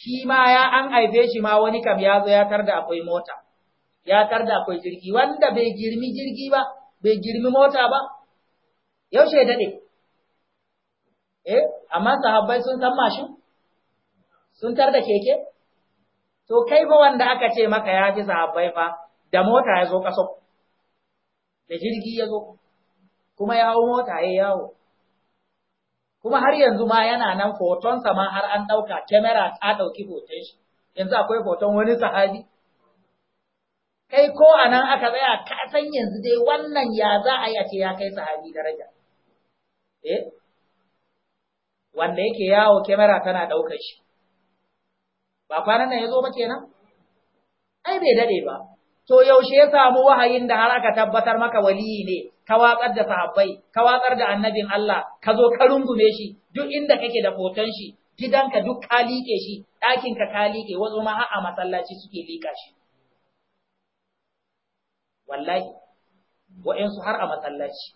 Shi ma ya an haife shi ma wani kam ya zo ya tar da akwai mota, ya tar da akwai jirgi, wanda bai girmi jirgi ba, bai girmi mota ba, yaushe daɗe. Eh, amma sahabbai sun san mashin, sun tar da keke, to kai ba wanda aka ce maka ya fi sahabbai fa. da mota ya zo kaso da jirgi ya zo kuma ya mota ya yawo kuma har yanzu ma yana nan fotonsa ma har an ɗauka kyamara ta ɗauki hoton shi yanzu akwai hoton wani sahabi kai ko a nan aka tsaya ka san yanzu dai wannan ya za a yi a ce ya kai sahabi daraja eh wanda yake yawo kyamara tana ɗaukar shi ba kwanan nan ya zo ba kenan ai bai daɗe ba to yaushe ya samu wahayin da har aka tabbatar maka waliyi ne ka watsar da sahabbai ka watsar da annabin Allah ka zo ka rungume shi duk inda kake da hoton shi gidanka duk ka liƙe shi ɗakin ka ka liƙe wasu ma a masallaci suke liƙa shi wallahi wa'ansu har a masallaci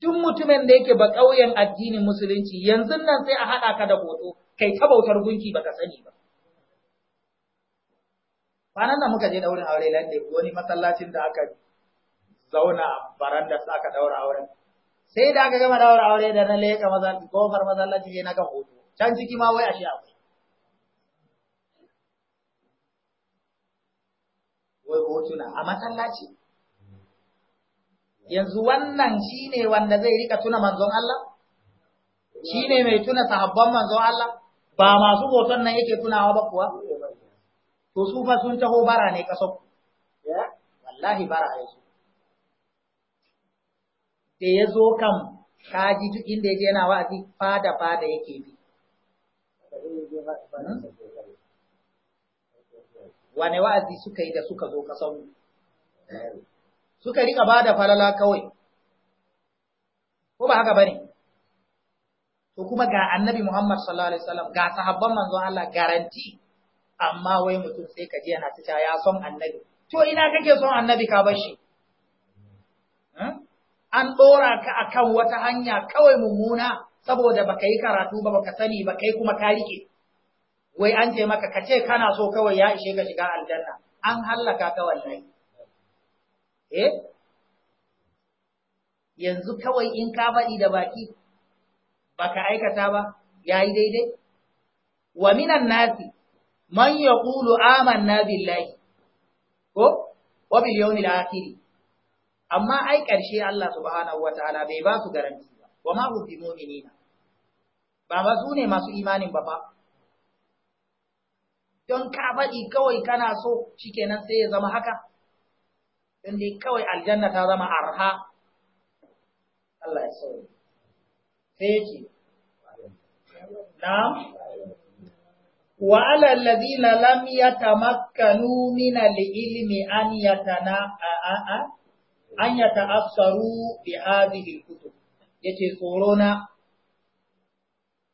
duk mutumin da yake ba ƙauyen addinin musulunci yanzu nan sai a haɗa ka da hoto kai ta bautar gunki baka sani ba Kwanan nan muka je wurin aure lalle wani masallacin da aka zauna baranda su aka ɗaura auren. Sai da aka gama ɗaura aure da na leƙa gofar masallaci ne na ga hoto. Can ciki ma wai ashe akwai. Wai hotuna a masallaci. Yanzu wannan shi ne wanda zai rika tuna manzon Allah? Shi ne mai tuna sahabban manzon Allah? Ba masu hoton nan yake tunawa ba kuwa? to su fa sun taho bara ne kaso? wallahi bara ya su da ya zo kan kaji duk inda ya je yana wa'azi fada fada yake bi hmm? wane wa'azi suka yi da suka zo kaso suka rika bada falala kawai ko ba haka bane to kuma ga annabi Muhammad sallallahu alaihi wasallam ga sahabban manzon Allah garanti amma wai mutum sai ka ji yana ta ya son annabi to ina kake son annabi ka bar hmm? an ɗora ka a kan wata hanya kawai mummuna saboda baka yi karatu ba baka sani ba kai kuma ka riƙe. wai an ce maka kace kana so kawai ya ishe ka shiga aljanna an hallaka ka wallahi eh yanzu kawai in ka faɗi da baki baka aikata ba ya yi daidai wa minan nasi man yaqulu amanna billahi ko wa bil yawmil amma ai ƙarshe Allah subhanahu wataala bai ba su garanti ba wa ma hum bimu'minina ba ba su ne masu imanin ba fa don ka faɗi kawai kana so shikenan sai ya zama haka don dai kawai aljanna ta zama arha Allah ya sai ya ce na وعلى الذين لم يتمكنوا من العلم أن يتنا أن يتأثروا بهذه الكتب yace tsoro na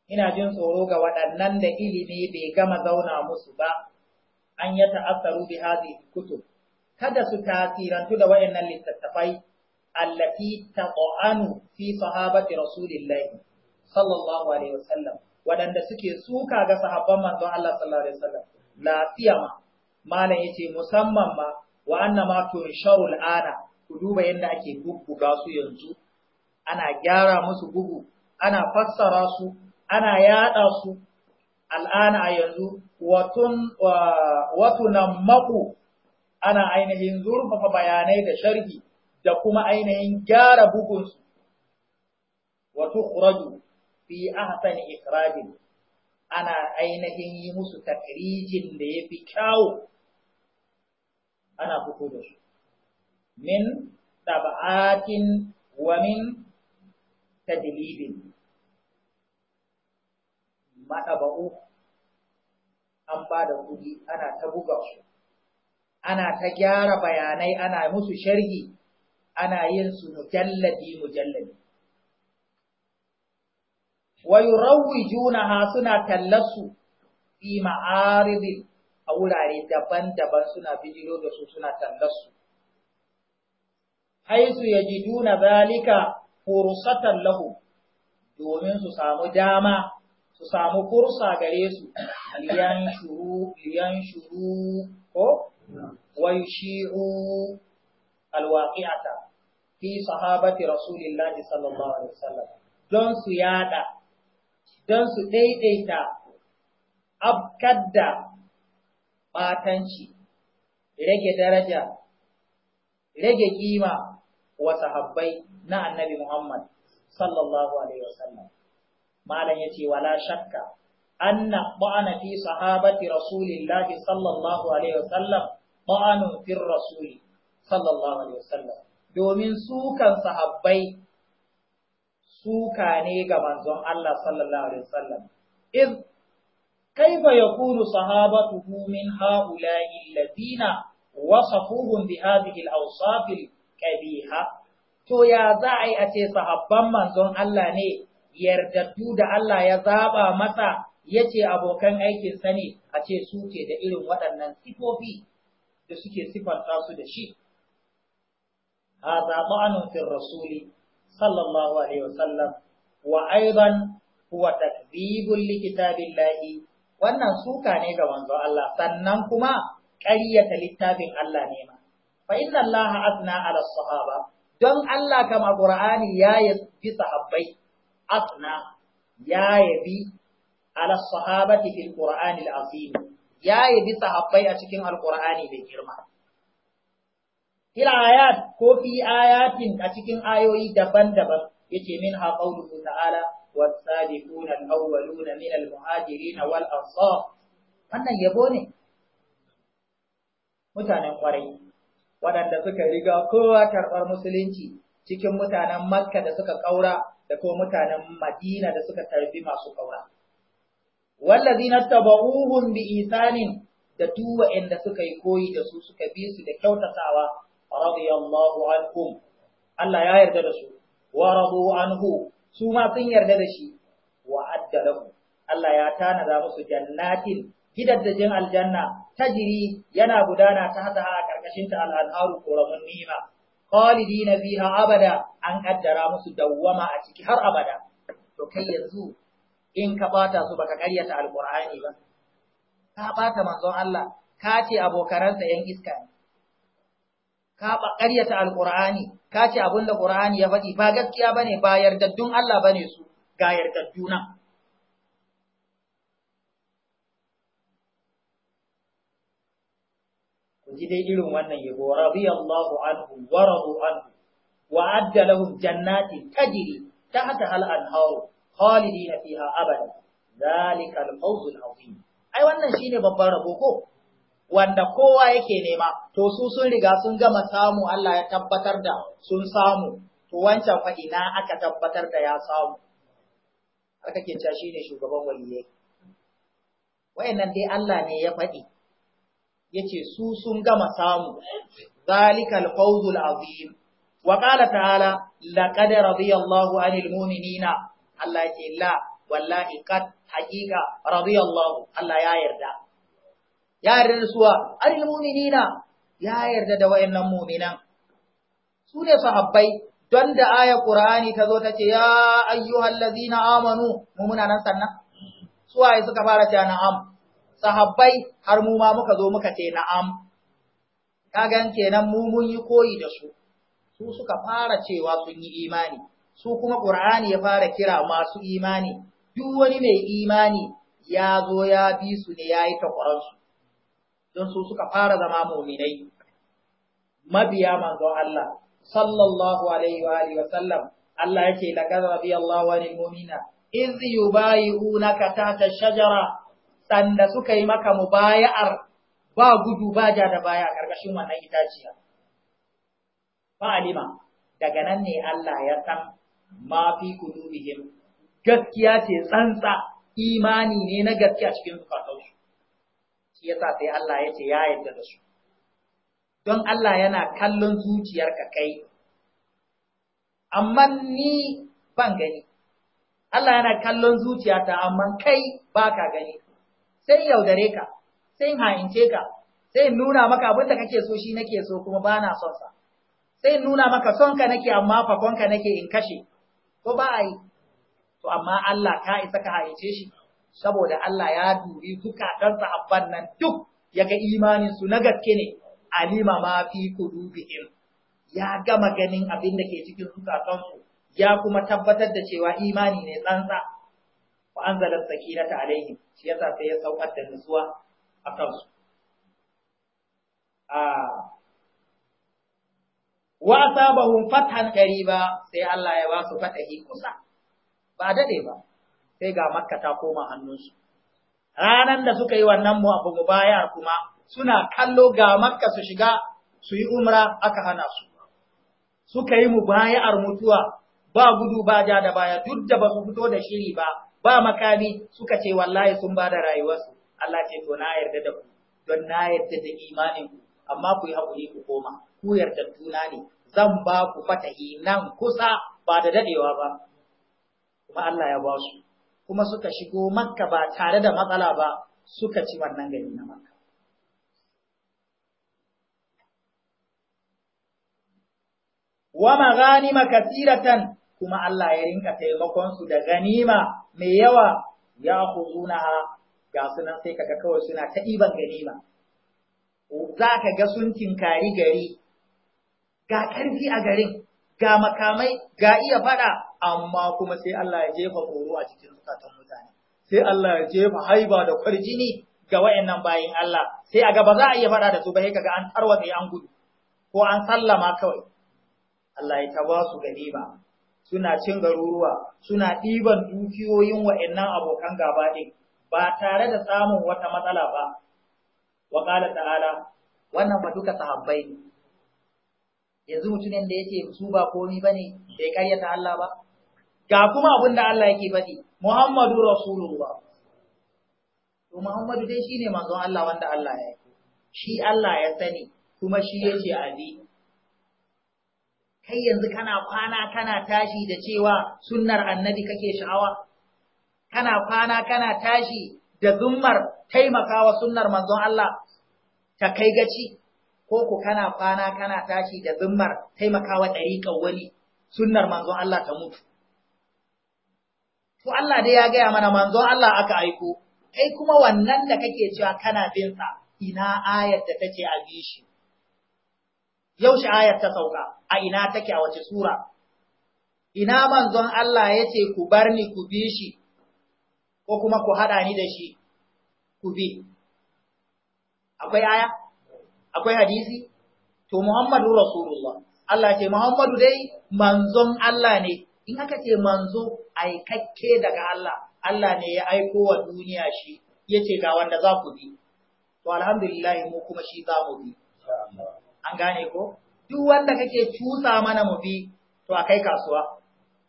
ina jin tsoro ga waɗannan da ilimi bai gama zauna musu ba an ya ta'assaru bi hadhihi kutub kada su tasirantu da wayannan littattafai allati taqanu fi sahabati rasulillahi sallallahu alaihi wasallam waɗanda suke suka ga sahabban manzo Allah sallallahu alaihi wasallam la siyama malam yace musamman ma wa annama tunsharu al'ana ku duba yadda ake bubbuga su yanzu ana gyara musu bugu ana fassara su ana yada su al'ana a yanzu watun watunan maku ana ainihin zurfafa bayanai da sharhi da kuma ainihin gyara bugunsu wa tukhraju fi ahsan ikradin ana ainihin yi musu takrijin da ya fi kyawu ana fito da su min tab'atin wa min tadlibin madaba'u an ba da kudi ana ta buga su ana ta gyara bayanai ana musu sharhi ana yin su mujalladi mujalladi juna ha suna tallasu fi ma'aridi a wurare daban-daban suna bijiro da su suna tallasu haisu yajiduna zalika fursatan lahu domin su samu dama su samu fursa gare su liyan shuru liyan shuru ko wa alwaqi'ata fi sahabati rasulillahi sallallahu alaihi wasallam don su yada don su daidaita abkar da matanci, rage daraja, rage kima wa sahabbai na annabi Muhammad sallallahu Alaihi wasallam. Malam ya ce, wala shakka, an na ba'ana fi sahabati Rasulillahi sallallahu Alaihi wasallam ba'anun fir Rasuli sallallahu Alaihi wasallam, domin sukan sahabbai suka ne ga manzon Allah sallallahu alaihi wasallam iz kaifa yakunu sahabatuhu min haula'i alladhina wasafuhum bi hadhihi al-awsaf al to ya za a yi a ce sahabban manzon Allah ne yardattu da Allah ya zaba masa ya ce abokan aikinsa ne a ce su ke da irin waɗannan sifofi da suke sifanta su da shi. A zaɓa rasuli, sallallahu alaihi wasallam wa aidan huwa takdhibul likitabillahi wannan suka ne ga manzo Allah sannan kuma ƙaryata littafin Allah ne ma fa inna Allah azna ala sahaba don Allah kama Qur'ani ya yabi sahabbai asna ya yabi ala sahabati fil Qur'ani al-azim ya yabi sahabbai a cikin Alƙur'ani qurani mai girma fil ayat ko fi ayatin a cikin ayoyi daban-daban yake min ha qawluhu ta'ala was-sabiquna al-awwaluna min al-muhajirin wal ansar wannan yabo ne mutanen kwarai waɗanda suka riga kowa karɓar musulunci cikin mutanen Makka da suka kaura da ko mutanen Madina da suka tarbi masu kaura wallazina tabauhum bi isanin da duk inda suka yi koyi da su suka bi su da kyautatawa radiyallahu anhum Allah ya yarda da su wa radu anhu su ma sun yarda da shi wa adda Allah ya tanada musu jannatin gidajen aljanna tajiri yana gudana ta hada a karkashin ta al'anharu koramun nima khalidina fiha abada an kaddara musu dawwama a ciki har abada to kai yanzu in ka bata su baka karyata alqur'ani ba ka bata manzon Allah ka ce abokaransa yan iska ne ka ƙaryata alƙur'ani ka ce abin da ƙur'ani ya faɗi ba gaskiya bane ba yardaddun Allah bane su ga yardaddu ku ji dai irin wannan yabo radiyallahu anhu wa radu anhu wa adda lahum jannatin tajri tahtaha al-anharu khalidina fiha abada zalika al-fawzul azim ai wannan shine babban rabo ko wanda kowa yake nema to su sun riga sun gama samu Allah ya tabbatar da sun samu to wancan faɗi na aka tabbatar da ya samu har kake cewa ne shugaban waliyai wayannan dai Allah ne ya faɗi yace su sun gama samu zalikal fawzul azim wa qala ta'ala laqad radiyallahu an mu'minina Allah ya la wallahi ƙad, haƙiƙa, radiyallahu Allah ya yarda ya yarda da suwa mu'minina ya yarda da wayannan mu'minan su ne sahabbai don da aya Qur'ani ta zo ta ce ya ayyuhal na amanu mu muna nan sannan suwaye suka fara cewa na'am sahabbai har mu ma muka zo muka ce na'am gan kenan mu mun yi koyi da su su suka fara cewa sun yi imani su kuma Qur'ani ya fara kira masu imani duk wani mai imani ya zo ya bi su ne yayi takwaransu don su suka fara zama muminai mabiya manzon Allah sallallahu alaihi wa alihi wasallam Allah yake laqad radiyallahu anil mu'mina iz yubayi'unaka tahta shajara sanda suka yi maka mubaya'ar ba gudu ba ja da baya karkashin wannan itaciya fa alima daga nan ne Allah ya san ma fi qulubihim gaskiya ce tsantsa imani ne na gaskiya cikin zukatansu shi yasa sai Allah ya ce ya yarda da su don Allah yana kallon zuciyarka kai amma ni ban gani Allah yana kallon zuciyarta amma kai baka gani sai yaudare ka sai ha'ince ka sai nuna maka abin da kake so shi nake so kuma na son sa sai nuna maka son ka nake amma fakonka nake in kashe ko ba a yi to amma Allah ka isa ka haice shi saboda Allah ya duri zukatan abban nan duk yaga imanin su na gaske ne alima ma fi qulubihim ya gama ganin abin da ke cikin zukatan su ya kuma tabbatar da cewa imani ne tsantsa wa anzala sakinata alaihim shi yasa sai ya saukar da nutsuwa a kansu a wa asabahum fathan qariba sai Allah ya ba su fatahi kusa ba daɗe ba sai ga makka ta koma hannunsu Ranar da suka yi wannan mu abu mubayar kuma suna kallo ga makka su shiga su yi umra aka hana su suka yi mubayar mutuwa ba gudu ba ja da baya duk da ba su fito da shiri ba ba makami suka ce wallahi sun ba da rayuwarsu Allah ce to na yarda da ku don na yarda da imanin ku amma ku yi haƙuri ku koma ku yarda tuna ne zan ba ku fatahi nan kusa ba da dadewa ba kuma Allah ya ba su kuma suka shigo makka ba tare da matsala ba suka ci wannan gari na makka wa maghanima katiratan kuma Allah ya rinka taimakon su da ganima mai yawa ya khuzunaha ga sunan sai kaga kawai suna ta ɗiban ganima za ka ga sun tinkari gari ga karfi a garin ga makamai ga iya fada amma kuma sai Allah ya jefa tsoro a cikin zukatan mutane sai Allah ya jefa haiba da kwarjini ga wayannan bayin Allah sai a gaba za a iya fada da su ba sai kaga an tarwatsa an gudu ko an sallama kawai Allah ya taba su ganima suna cin garuruwa suna ɗiban dukiyoyin wayannan abokan gaba din ba tare da samun wata matsala ba wa qala ta'ala wannan ba duka sahabbai ne yanzu mutumin da yake su ba komi bane bai karyata Allah ba ga kuma abin da Allah yake faɗi Muhammadu Rasulullah to Muhammadu dai shine manzon Allah wanda Allah ya yi shi Allah ya sani kuma shi yace abi kai yanzu kana kwana kana tashi da cewa sunnar annabi kake sha'awa kana kwana kana tashi da zummar taimakawa sunnar manzon Allah ta kai gaci ko ku kana kwana kana tashi da zimmar taimakawa ɗariƙar wani sunnar manzon Allah ta mutu. To Allah dai ya gaya mana manzon Allah aka aiko, kai kuma wannan da kake cewa kana binsa ina ayar da take a bishi. Yaushe ayar ta sauka, a ina take a wace sura? Ina manzon Allah ya ce ku bar ni ku bi shi, ko kuma ku haɗa ni da shi, ku bi. Akwai aya? akwai hadisi to Muhammadu Rasulullah Allah ce Muhammadu dai manzon Allah ne in aka ce manzo aikakke daga Allah Allah ne ya aiko wa duniya shi yace ga wanda za ku bi to alhamdulillah mu kuma shi za mu bi an gane ko duk wanda kake cusa mana mu bi to akai kasuwa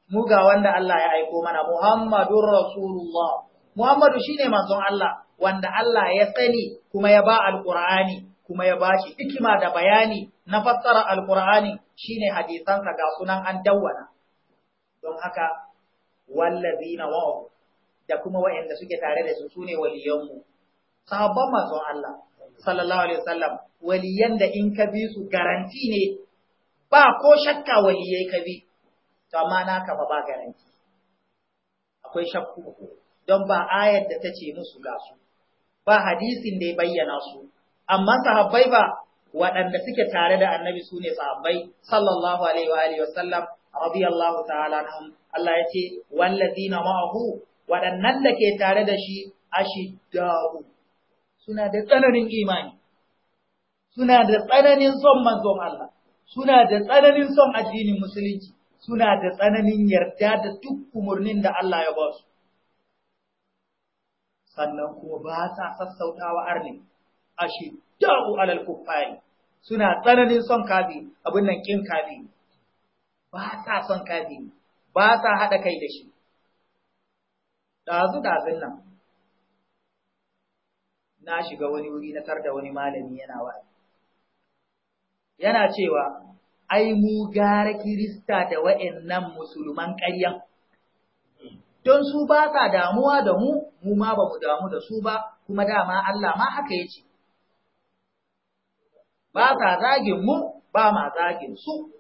mu ga wanda Allah ya aiko mana Muhammadu Rasulullah Muhammadu shine manzon Allah wanda Allah ya sani kuma ya ba alqur'ani kuma ya bashi hikima da bayani na fassara alqur'ani shine hadisansa ga sunan an dawwana don haka wallazina wa da kuma wa'anda suke tare da su sune waliyanmu sahabban manzon Allah sallallahu alaihi wasallam waliyan da in ka bi su garanti ne ba ko shakka waliyai ka bi to amma na ba ba garanti akwai shakku don ba ayar da ta ce musu ga su ba hadisin da ya bayyana su amma sahabbai ba waɗanda suke tare da annabi su ne sahabbai sallallahu alaihi wa sallam. wasallam radiyallahu ta'ala anhum Allah ya ce wallazina ma'ahu waɗannan da ke tare da shi ashidda'u suna da tsananin imani suna da tsananin son manzon Allah suna da tsananin son addinin musulunci suna da tsananin yarda da duk umarnin da Allah ya ba su sannan kuma ba sa sassautawa arni ashidda'u alal kuffari suna tsananin son kafi abin nan kin kafi ba sa son kafi ba sa hada kai da shi dazu dazun nan na shiga wani wuri na tarda da wani malami yana wa yana cewa ai mu gara kirista da wa'annan musulman ƙaryan don su ba sa damuwa da mu, mu ma ba mu damu da su ba, kuma dama Allah ma haka ya ce, ba sa zagin mu ba ma zagin su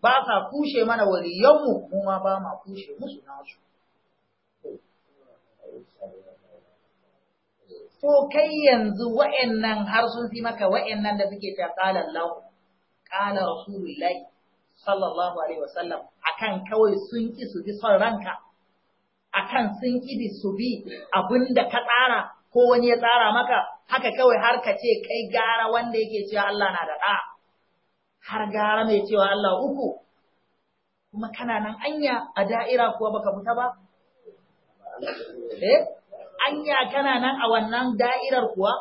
ba sa kushe mana waliyanmu mu ma ba ma kushe musu nasu so kai yanzu wa'annan har sun fi maka wa'annan da suke ta qala Allah qala rasulullahi sallallahu alaihi wasallam akan kawai sun ki su bi son ranka akan sun ki bi su bi abinda ka tsara ko wani ya tsara maka haka kawai har ka ce kai gara wanda yake cewa Allah na da ɗa, har gara mai cewa Allah uku, kuma kana nan anya a da'ira kuwa baka fita ba? Eh, anya kana nan a wannan da'irar kuwa?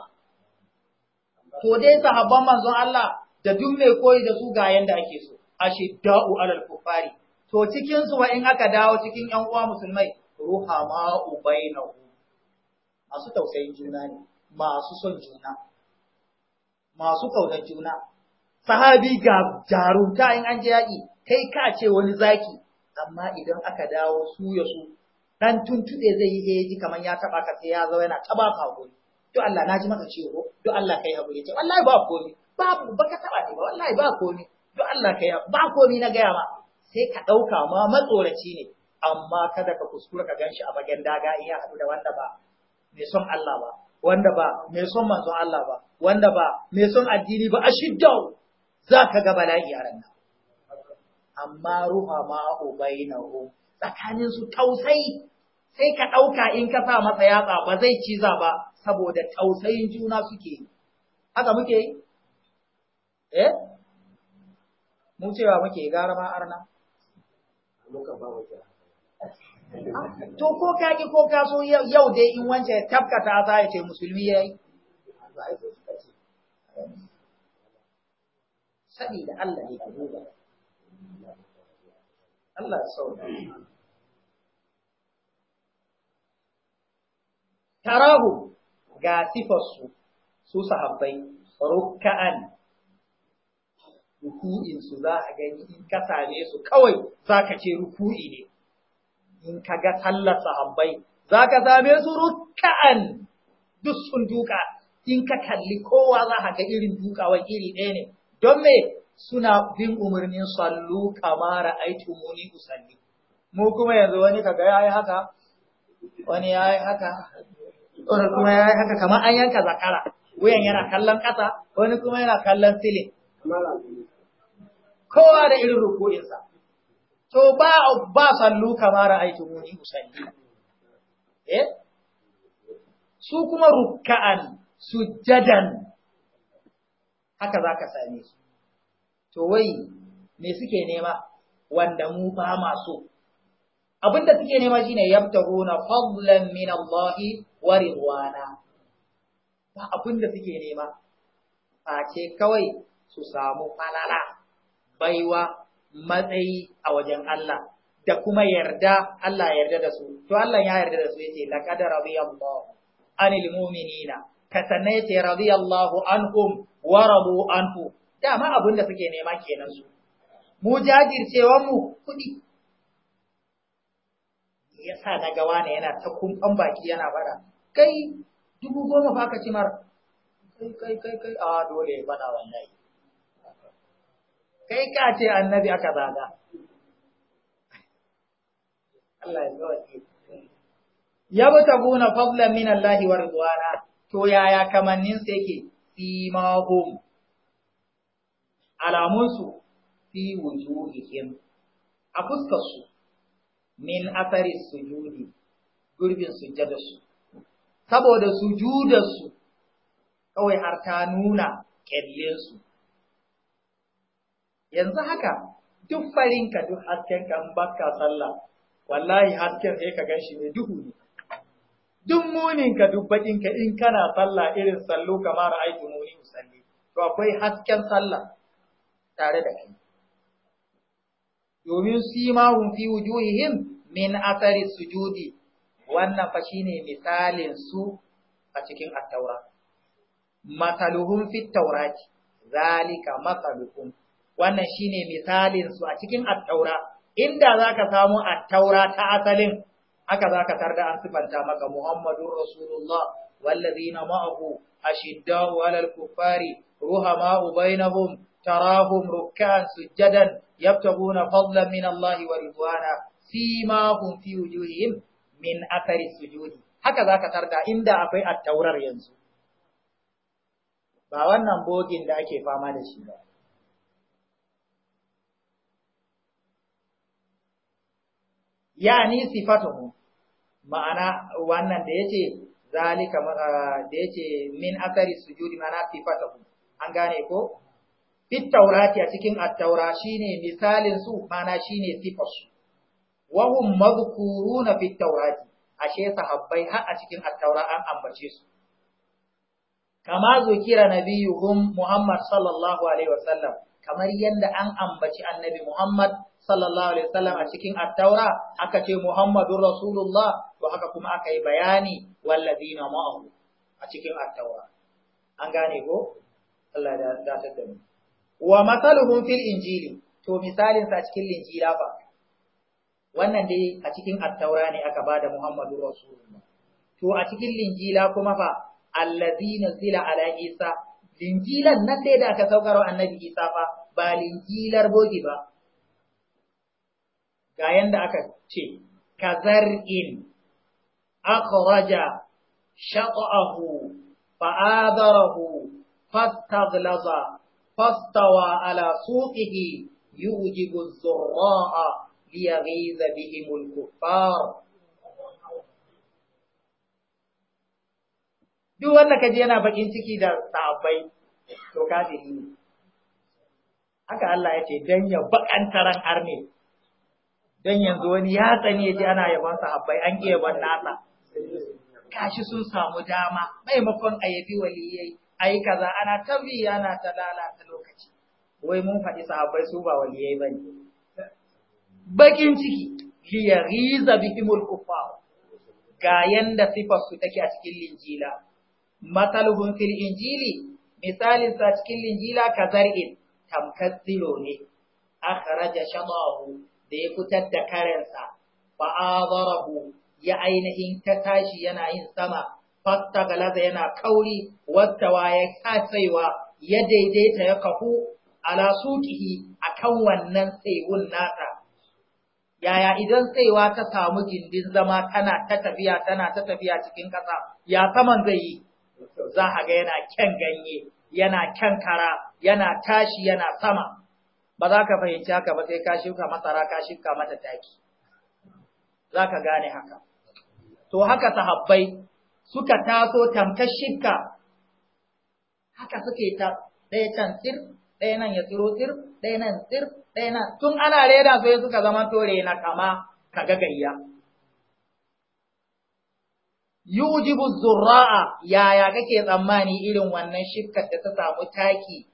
To dai sahabban manzon Allah da duk mai koyi da su ga yanda ake so, ashe da'u alal kufari. To cikinsu wa in aka dawo cikin ‘yan uwa musulmai, ruhama ubainahu masu tausayin juna ne. masu son juna masu kaunar juna sahabi ga jarumta in an je yaƙi kai ka ce wani zaki amma idan aka dawo su ya su dan tuntuɗe zai yi eh ji kamar ya taba ka sai ya zo yana taba ka hakuri to Allah na ji maka ciwo to Allah kai hakuri ce wallahi ba komi, babu baka taba ni ba wallahi ba komi, to Allah kai ba komi na gaya ma sai ka dauka ma matsoraci ne amma kada ka kuskura ka ganshi a bagen daga in ya hadu da wanda ba mai son Allah ba wanda ba mai son manzon Allah ba wanda ba mai son addini ba ashiddau ka ga bala'i a ranar amma ruha ma ubainahu tsakanin su tausayi sai ka dauka in ka sa masa yatsa ba zai ciza ba saboda tausayin juna suke haka muke yi eh mu cewa muke gara ma arna muka ba mu To ko ka ki ko ka so yau dai in wancan tabkata za ya ce musulmi ya yi. Allah ne ka duba. Allah ya sauka. Tarahu ga sifarsu su sahabbai rukka'an ruku'in su za a gani in ka same su kawai za ka ce ruku'i ne. in ka ga sallar sahabbai za ka same su rukka'an duk sun duka in ka kalli kowa za ka ga irin wa iri ɗaya ne don me suna bin umarnin sallu kamara aitu muni usalli mu kuma yanzu wani kaga yayi haka wani yayi haka wani kuma yayi haka kamar an yanka zakara wuyan yana kallon ƙasa wani kuma yana kallon silin kowa da irin rukuninsa to ba ba sallu kama ra'aytu muni usalli eh su kuma ruk'an sujjadan haka zaka same su to wai me suke nema wanda mu ba ma so abinda suke nema shine yabtaguna fadlan min Allah wa ridwana ba abinda suke nema face kawai su samu falala baiwa matsayi a wajen Allah da kuma yarda Allah yarda da su to Allah ya yarda da su yace laqad Allah anil mu'minina ka sanne yace radiyallahu anhum wa radu anhu dama abin da suke nema kenan su mu jajircewan mu kudi yasa na gawa ne yana ta kumban baki yana bara kai dubu goma fa ka cimar kai kai kai kai a ah, dole ya faɗa wallahi kai ka ce annabi aka zaga Allah ya tsawaki guna fadlan min Allah wa ridwana to yaya kamannin su yake simahum alamun su fi wujuhihim a fuskar su min athari sujudi gurbin sujjada su saboda sujudar su kawai har ta nuna kyallin yanzu haka duk farinka duk hasken kan baka sallah wallahi hasken sai ka ganshi ne duhu ne duk muninka duk bakinka in kana sallah irin sallo kamar aiki muni musalli to akwai hasken sallah tare da kai domin su simahum fi wujuhihim min athari sujudi wannan fa shine misalin su a cikin at-taura mataluhum fit taurati zalika mataluhum wannan shine misalin su a cikin Attaura. Inda inda zaka samu Attaura ta asalin haka ka tarda an sifanta maka Muhammadu Rasulullah wallazina ma'ahu ashiddau 'alal kuffari ruhamau bainahum tarahum rukkan sujadan na fadlan min Allah wa ridwana simahum fi wujuhihim min athari sujudi haka zaka tarda inda akwai Attaurar yanzu ba wannan bogin da ake fama da shi ba yani sifatuhu ma'ana wannan da yace zalika da yace min athari sujudi ma'ana sifatuhu an gane ko fit taurati a cikin at-taura shine misalin su ma'ana shine sifar su wa hum madhkuruna fit taurati ashe sahabbai har a cikin at-taura an ambace su kama zukira nabiyuhum muhammad sallallahu alaihi wasallam kamar yadda an ambaci annabi muhammad sallallahu alaihi wasallam a cikin at-taura aka ce Muhammadur Rasulullah to haka kuma aka yi bayani walladina ma'ahu a cikin at-taura an gane ko Allah da da ta wa mataluhum fil injili to misalin sa cikin injila fa wannan dai a cikin at-taura ne aka bada Muhammadur Rasulullah to a cikin linjila kuma fa alladina zila ala Isa linjilan nan dai da aka saukar wa annabi Isa fa ba linjilar bogi ba ga yadda aka ce kazar'in akhraja shaqahu fa'adarahu fasta wa ala suqihi yujibu az-zurra'a riza bihi mulku kuffar duk wanda ka kaje yana bakin ciki da sahabbai to kafiri ne haka Allah ya ce dan ya bakantaran arne dan yanzu wani ya tsani ya ji ana yaban sahabbai an iya yaban nasa kashi sun samu dama maimakon a ayyabi waliyai ayi kaza ana tabi yana ta lalata lokaci wai mun faɗi sahabbai su ba waliyai ba bakin ciki liyariza bihimul kufa ga yanda sifar su take a cikin linjila matalubun fil injili misalin sa cikin linjila kazar'in tamkar ne akhraja shadahu da ya fitar da karensa fa'abarahu ya ainihin ta tashi yana yin sama fasta galaza yana kauri waya ta tsaiwa ya daidaita ya kahu ala sukihi kan wannan tsaiwun nasa yaya idan tsaiwa ta samu gindin zama tana ta tafiya tana ta tafiya cikin ƙasa ya saman zai yi za a ga yana kyan ganye yana kyan kara yana tashi yana sama ba za ka fahimci haka ba sai ka shuka masara ka shuka mata taki za ka gane haka to haka sahabbai suka taso tamkar shirka haka suke ta ɗaya can tsir ɗaya nan ya tsiro tsir ɗaya nan tsir ɗaya nan tun ana reda sai suka zama tore na kama ga gayya yujibu zurra'a yaya kake tsammani irin wannan shirka da ta samu taki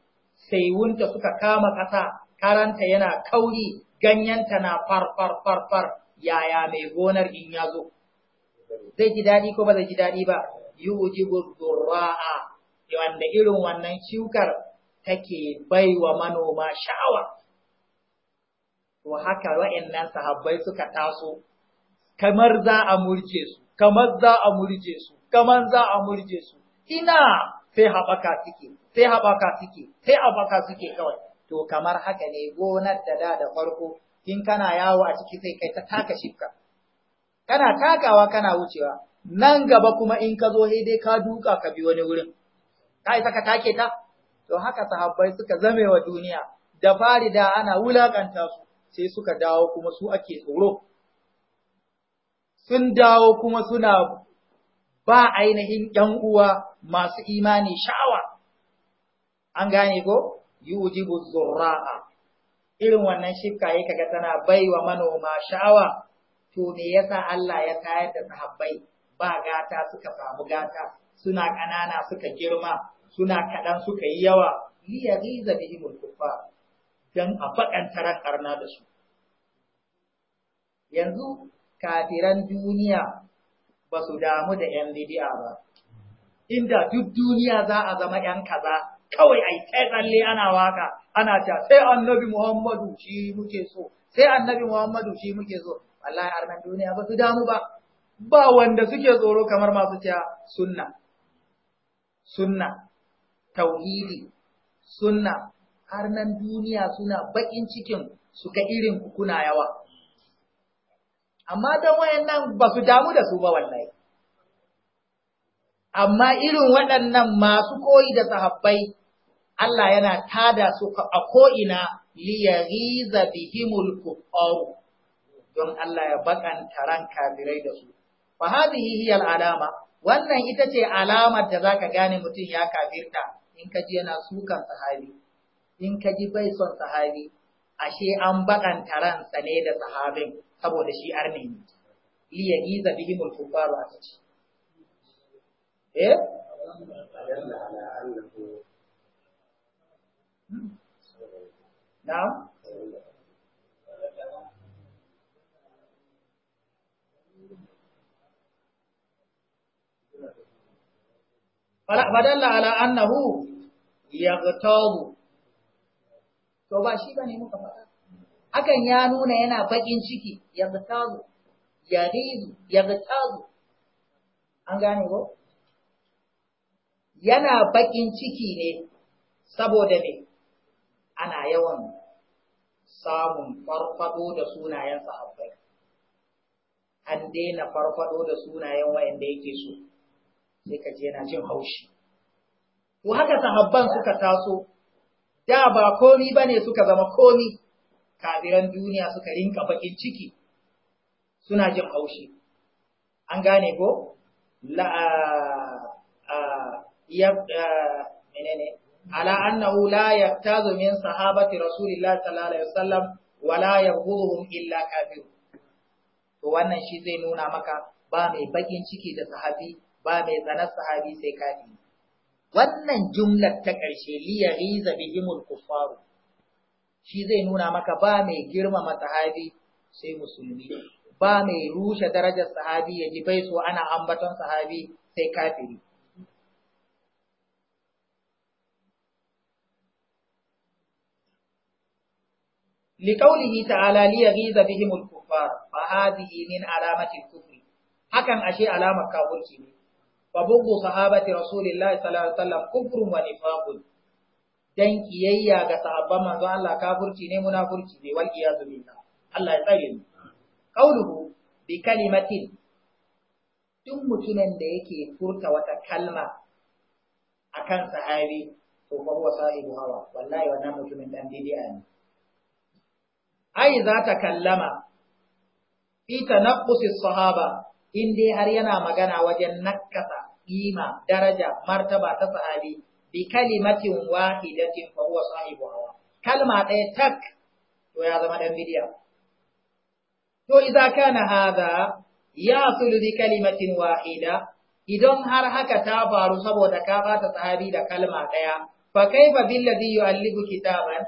sai wunta suka kama kasa karanta yana kauri ganyenta na far-far-far-far. yaya mai gonar in ya zo zai ji daɗi ko ba zai ji daɗi ba yujibu durra'a wanda irin wannan shukar take baiwa manoma sha'awa to haka wa'annan sahabbai suka taso kamar za a murje su kamar za a murje su kamar za a murje su ina sai haɓaka suke sai haɓaka suke sai haɓaka suke kawai to kamar haka ne gonar da da da farko in kana yawo a ciki sai kai ta taka shifka kana takawa kana wucewa nan gaba kuma in ka zo dai ka duka ka bi wani wurin ka isa ka take ta to haka sahabbai suka zame wa duniya da fari da ana wulakanta su sai suka dawo kuma su ake tsoro sun dawo kuma suna ba ainihin ‘yan uwa masu imani sha'awa, an gane ko? yujibu zurra'a irin wannan shifka yi kaga tana baiwa manoma sha'awa to me yasa Allah ya tayar da sahabbai ba gata suka samu gata suna ƙanana suka girma suna kaɗan suka yi yawa liyaghiza bihi mulkufa dan a faɗanta ran karna da su yanzu kafiran duniya basu damu da 'yan bidiya ba inda duk duniya za a zama 'yan kaza kawai ai kai tsalle ana waka ana ta sai annabi Muhammadu shi muke so sai annabi Muhammadu shi muke so wallahi arnan duniya ba su damu ba ba wanda suke tsoro kamar masu cewa sunna sunna tauhidi sunna arnan duniya suna bakin cikin su ga irin kuna yawa amma dan wayannan ba su damu da su ba wallahi amma irin waɗannan masu koyi da sahabbai Allah yana tada su a ko'ina liyariza bihimul kuffaru don Allah ya baƙan ran kafirai da su. Fa hadhihi hiya alama wannan ita ce alamar da zaka gane mutum ya kafirta in ka ji yana sukan sahabi in ka ji bai son sahabi ashe an bakanta sa ne da sahabin saboda shi arne ne liyariza bihimul kuffaru a Eh? na'am fadalla ala annahu yaghtabu to ba shi bane muka faɗa hakan ya nuna yana baƙin ciki yaghtabu yaghidu yaghtabu an gane ko yana baƙin ciki ne saboda ne ana yawan samun farfado da sunayen sahabbai an daina farfado da sunayen wa'anda yake so sai ka je yana jin haushi to haka sahabban suka taso da ba komi bane suka zama komi kafiran duniya suka rinka bakin ciki suna jin haushi an gane ko la a a ya menene ala annahu la yaktazu min sahabati rasulillahi sallallahu alaihi wasallam wala yabghuduhum illa kafir to wannan shi zai nuna maka ba mai bakin ciki da sahabi ba mai tsanar sahabi sai kafiri wannan jumlar ta ƙarshe liyariza bihimul kuffaru shi zai nuna maka ba mai girmama sahabi sai musulmi ba mai rushe darajar sahabi ya ji bai so ana ambaton sahabi sai kafiri liqaulihi ta'ala li yaghiza bihim al-kuffar fa hadhihi min hakan ashe alamar kafirci ne fa bugu sahabati rasulillahi sallallahu dan kiyayya ga sahabban manzo Allah kafirci ne munafurci ne wal iyadu billah Allah ya tsare mu qauluhu bi kalimatin duk mutumin da yake furta wata kalma akan sahabi to fa huwa sahibu hawa wallahi wannan mutumin dan bid'a ne ai za ta kallama fi tanaqqusis sahaba in dai har yana magana wajen nakasa ima daraja martaba ta sahabi bi kalimatin wahidatin fa huwa sahibu hawa kalma ɗaya tak to ya zama dan bidiya to idza kana hadha sulu bi kalimatin wahida idan har haka ta faru saboda ka bata sahabi da kalma ɗaya fa kaifa billadhi yu'allibu kitaban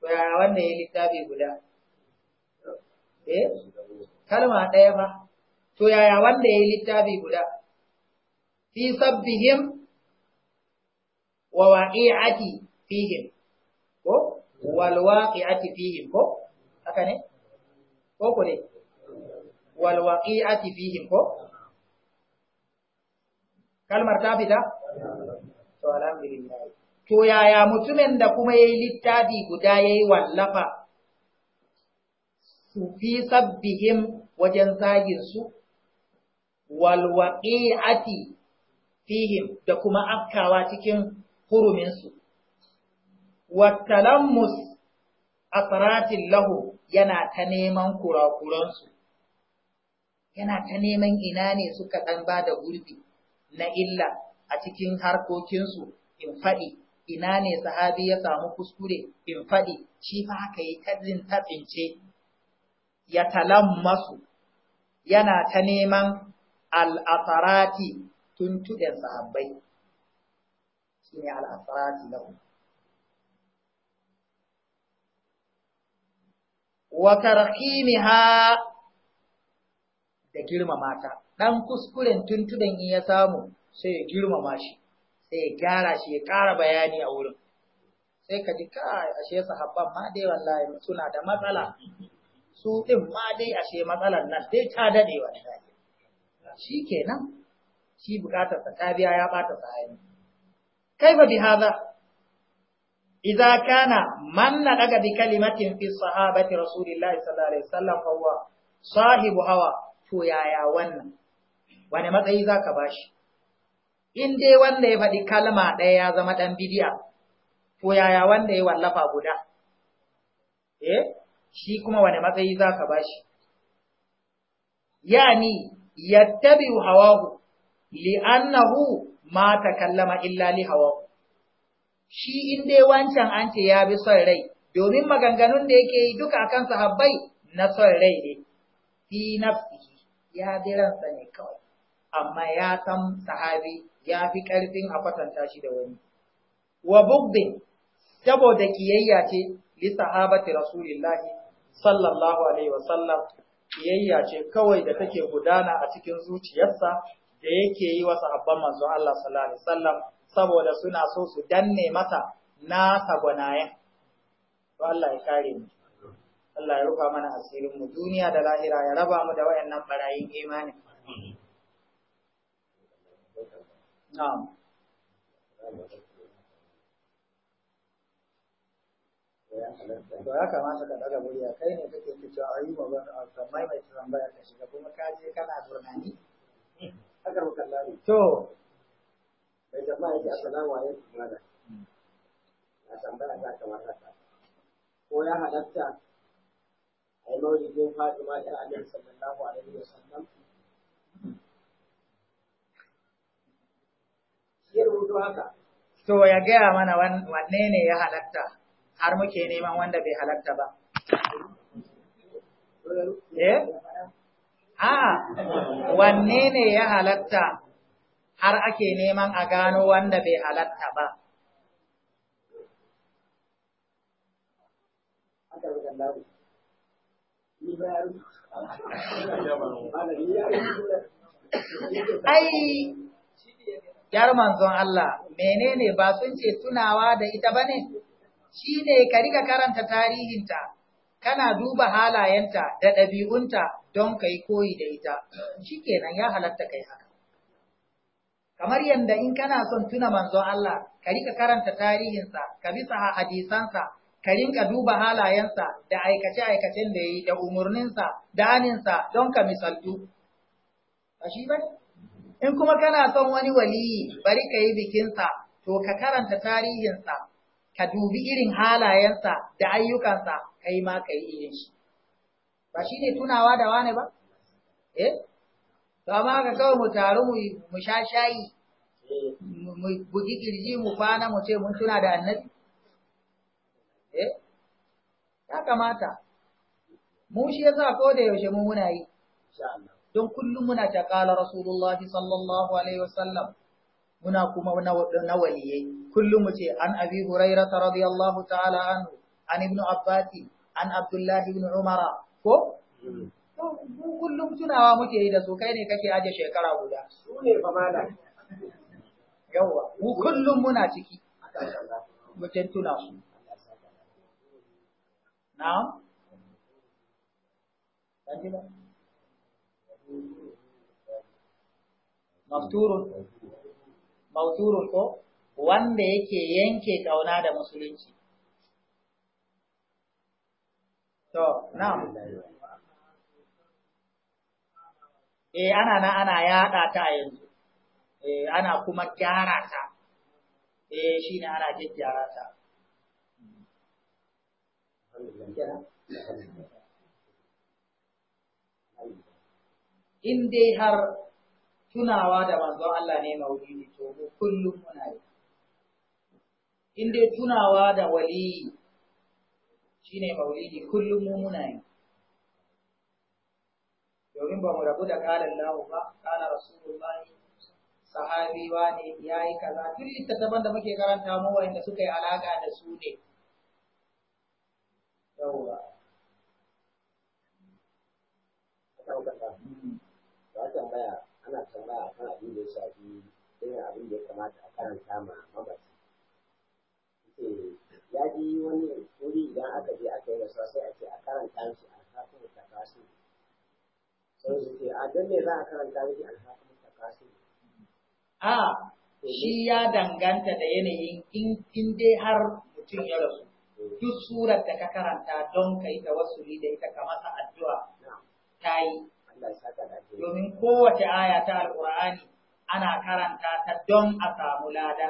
wannan ya littafi guda eh kalma ɗaya ba to yaya wanda ya littafi guda fi sabbihim wa waqi'ati fihim ko wal waqi'ati fihim ko haka ne ko ko ne wal waqi'ati fihim ko kalmar ta fita to alhamdulillah to yaya mutumin da kuma ya yi littafi guda ya yi wallafa su fi sabbihim wajen zaginsu, walwaƙi'ati fihim da kuma afkawa cikin huruminsu, wattalammus asaratin lahu yana ta neman kurakuransu, yana ta neman ina ne suka ɗan ba da gurbi na illa a cikin harkokinsu in faɗi ina ne sahabi ya samu kuskure in faɗi shi fa haka yi tazin tatsince ya talammasu yana ta neman tun tuntuɗen sahabbai shi ne al'afarati na wa ha da girmama ta kuskuren tuntuɗen in ya samu sai ya girmama shi sai ya gyara shi ya ƙara bayani a wurin sai ka ji ka ashe sahabban ma dai wallahi suna da matsala su din ma dai ashe matsalan nan dai ta dade wallahi shi kenan shi bukatar ta biya ya bata sahani ba bi hadha إذا كان من نطق bi kalimatin fi sahabati rasulillahi sallallahu alaihi wasallam fa huwa sahibu hawa? to yaya wannan wani matsayi zaka bashi in dai wanda ya faɗi kalma ɗaya ya zama ɗan bidiya, to yaya wanda ya wallafa guda? Eh, shi kuma wane matsayi za ka bashi? Yani, yattabi hawahu, li'annahu ma ta kallama illa li hawahu. Shi in dai wancan an ce ya bi son rai, domin maganganun da yake yi duka akan sahabbai na son rai ne, fi nafsihi, ya bi ransa ne kawai, amma ya san sahabi ya fi ƙarfin a kwatanta shi da wani. Wa bugdin, saboda kiyayya ce li sahabati Rasulillahi sallallahu alaihi wasallam, kiyayya ce kawai da take gudana a cikin zuciyarsa da yake yi wa sahabban manzo Allah sallallahu alaihi wasallam saboda suna so su danne mata nasa gwanayen. To Allah ya kare mu. Allah ya rufa mana asirin mu duniya da lahira ya raba mu da waɗannan barayin imani. Na'am. To ya kamata ka daga murya kai ne kake fito a yi ma ban kamar mai tsaron baya ka shiga kuma ka je kana turnani. Akar mu kallani. To. Bai jama'a yake assalamu alaikum mana. Na tambaya ta kamar haka. Ko ya halatta a yi maulidin Fatima ɗan ajiyar sallallahu alaihi wa sallam haka to ya gaya mana wanne ne ya halatta har muke neman wanda bai halatta ba eh a'a wanne ne ya halatta har ake neman a gano wanda bai halatta ba ai ‘yar manzon Allah, menene ba sun ce tunawa da ita ba ne? Shi ne ka riga karanta tarihinta, kana duba halayenta da ɗabi'unta don ka yi koyi da ita, shi kenan ya halatta kai haka. Kamar yadda in kana son tuna manzon Allah, ka riga karanta tarihinsa, ka bisa hadisansa, ka rinka duba halayensa da aikace-aikacen da ya yi da umarninsa da aninsa don ka misaltu. Ba shi in kuma kana son wani waliyi bari ka yi bikinsa to ka karanta tarihinsa ka dubi irin halayensa da ayyukansa kai ma ka yi irin shi ba shi ne tunawa da wane ba eh to amma ka kawai mu taru mu sha shayi mu buɗi kirji mu kwana mu ce mun tuna da annabi eh ya kamata mu shi yasa ko da yaushe mu muna yi insha Allah don kullum muna ta kala rasulullahi sallallahu alaihi wasallam muna kuma na waliyai kullum mu ce an abi hurairata radiyallahu ta'ala anhu an ibnu Abbati, an abdullahi ibn umara ko kullum tunawa muke yi da su kai ne kake aje shekara guda su ne fa mala yawa mu kullum muna ciki wajen tuna su na'am mafturun mafturun ko wanda yake yanke kauna da musulunci to na'am eh ana na ana yada ta yanzu eh ana kuma gyara ta eh shine ana gyara ta in dai har tunawa da manzon Allah ne maulidi to mu kullum muna yi in dai tunawa da wali shine maulidi kullum mu muna yi domin ba mu rabu da kala Allah ba kala rasulullahi sahabi wani yayi kaza duk daban da muke karanta mu wanda suka yi alaka da su ne kan abin da ya shafi irin abin da ya kamata a karanta ma mabaci ce ya wani wuri idan aka je aka yi rasuwa sai a ce a karanta shi sai su ce a don me za a karanta miki a shi ya danganta da yanayin in dai har mutum ya rasu duk surar da ka karanta don ka yi wasu da ita ka masa addu'a ta yi domin kowace aya ta alƙur'ani ana karanta ta don a samu lada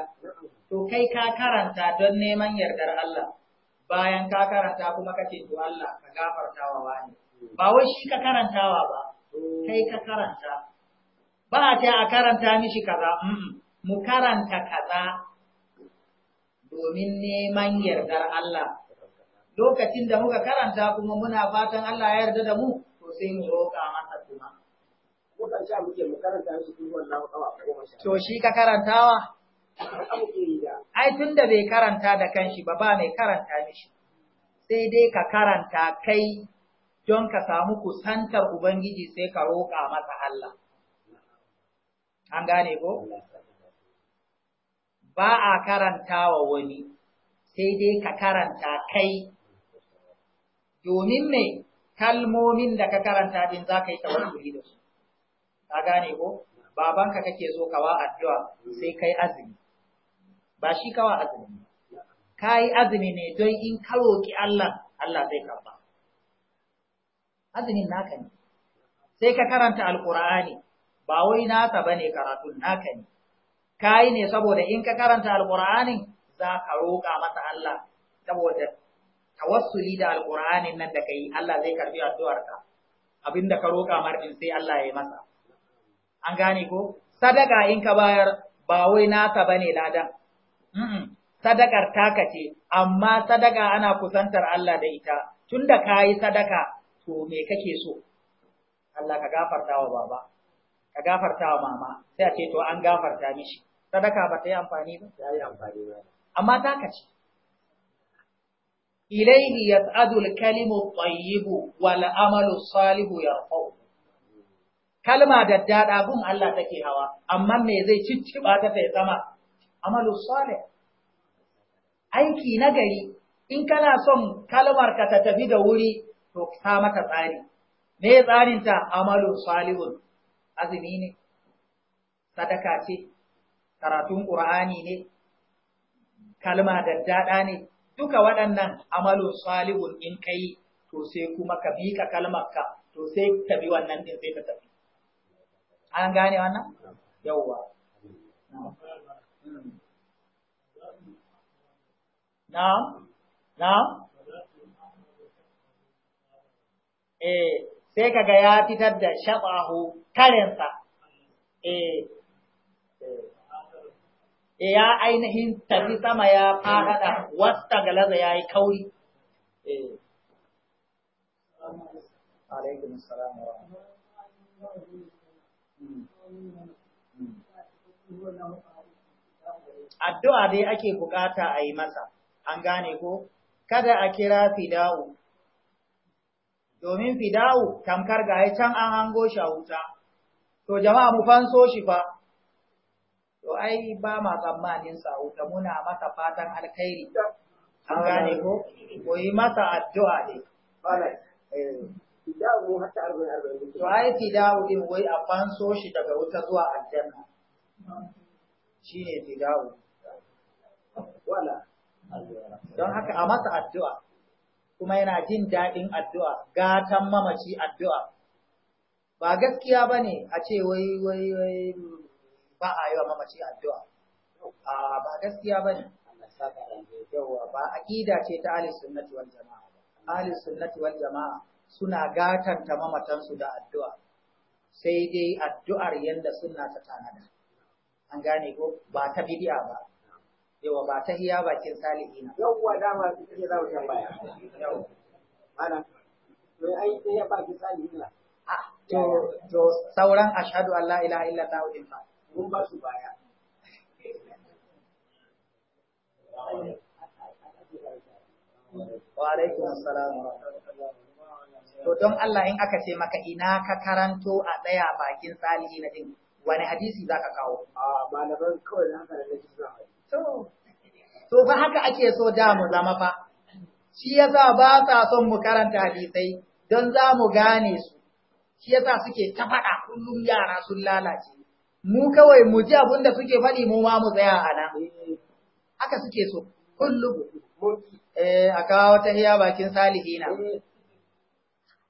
to kai ka karanta don neman yardar Allah bayan ka karanta kuma kace to Allah ka wa wani ba wai shi ka karantawa ba kai ka karanta ba a ce a karanta mishi kaza mu karanta kaza domin neman yardar Allah lokacin da muka karanta kuma muna fatan Allah ya yarda da mu to sai mu roƙa To shi ka karantawa? Ai tun da bai karanta da kanshi ba ba mai karanta mishi, sai dai ka karanta kai don ka samu kusantar Ubangiji sai ka roƙa masa Allah. An gane ko? Ba a karantawa wani, sai dai ka karanta kai, domin mai kalmomin da ka karanta din za ka yi tawakkuli da su. ka gane ko babanka kake zo kawa addu'a sai kai azumi ba shi kawa azumi kai azumi ne don in ka roki Allah Allah zai karba azumin naka ne sai ka karanta alqur'ani ba wai nasa bane karatun naka ne kai ne saboda in ka karanta alqur'anin za ka roka masa Allah saboda tawassuli da alqur'anin nan da kai Allah zai karbi addu'arka abinda ka roka marjin sai Allah ya yi masa an gane ko sadaka in ka bayar ba wai naka bane ladan sadakar taka ce amma sadaka ana kusantar Allah da ita tunda ka yi sadaka to me kake so Allah ka gafarta wa baba ka gafarta wa mama sai a ce to an gafarta mishi sadaka ba ta yi amfani ba ta yi amfani ba amma taka ce ilayhi yas'adul kalimu tayyibu wal amalu salihu yarfa'u kalma da daɗa gun Allah take hawa amma me zai cicciba ta ta zama amalu salih aiki na gari in kana son kalmar ka ta tafi da wuri to ka mata tsari me tsarin ta amalu salihun azumi ne sadaka ce karatun qur'ani ne kalma da daɗa ne duka waɗannan amalu salihun in kai to sai kuma ka bi ka kalmar ka to sai ka bi wannan din sai ta tafi an gane wannan yawwa na na eh sai kaga ya fitar da shabahu karensa eh, eh ya ainihin tafi sama ya fadada wasta galaza ya yi kauri eh wa Addu'a dai ake bukata a yi masa, an gane ko, kada a kira fida'u, domin fida'u tamkar ga can an hango shi a wuta, to jama'a mu fanso shi fa, to ai ba ma tsammanin sa wuta muna masa fatan alkhairi, an gane ko, ko yi masa addu'a dai. To ai fidawo din wai a fanso shi daga wuta zuwa aljanna. Shi ne fidawo. Wala. Don haka a masa addu'a, kuma yana jin daɗin addu'a, gatan mamaci addu'a. Ba gaskiya ba ne a ce wai wai wai ba a yi wa mamaci addu'a. A ba gaskiya ba ne. ba aƙida ce ta Ahlus Sunnati wal Jama'a. Ahlus Sunnati wal Jama'a suna gatanta mamatansu da addu'a, sai dai addu'ar yadda suna ta tanada. An gane ko ba ta bidiya ba, yawa ba ta hiya bakin salihi na. Yawwa dama su ke za mu tambaya. Yawwa. Ana, mai ai ta hiya bakin salihi na. Ah, to, to sauran ashadu Allah ila illa ta wudin ba. Mun ba su baya. Wa alaikum assalam wa rahmatullahi To don Allah in aka ce maka ina ka karanto a tsaya bakin salihi na din wani hadisi za ka kawo? A malaman kawai na haka da nake To, to haka ake so da mu zama fa. Shi ya sa ba sa son mu karanta hadisai don za mu gane su. Shi ya sa suke ta faɗa kullum yara sun lalace. Mu kawai mu ji abin da suke faɗi mu ma mu tsaya a nan. Haka suke so, kullum. Eh, a kawo ta hiya bakin salihina. Eh.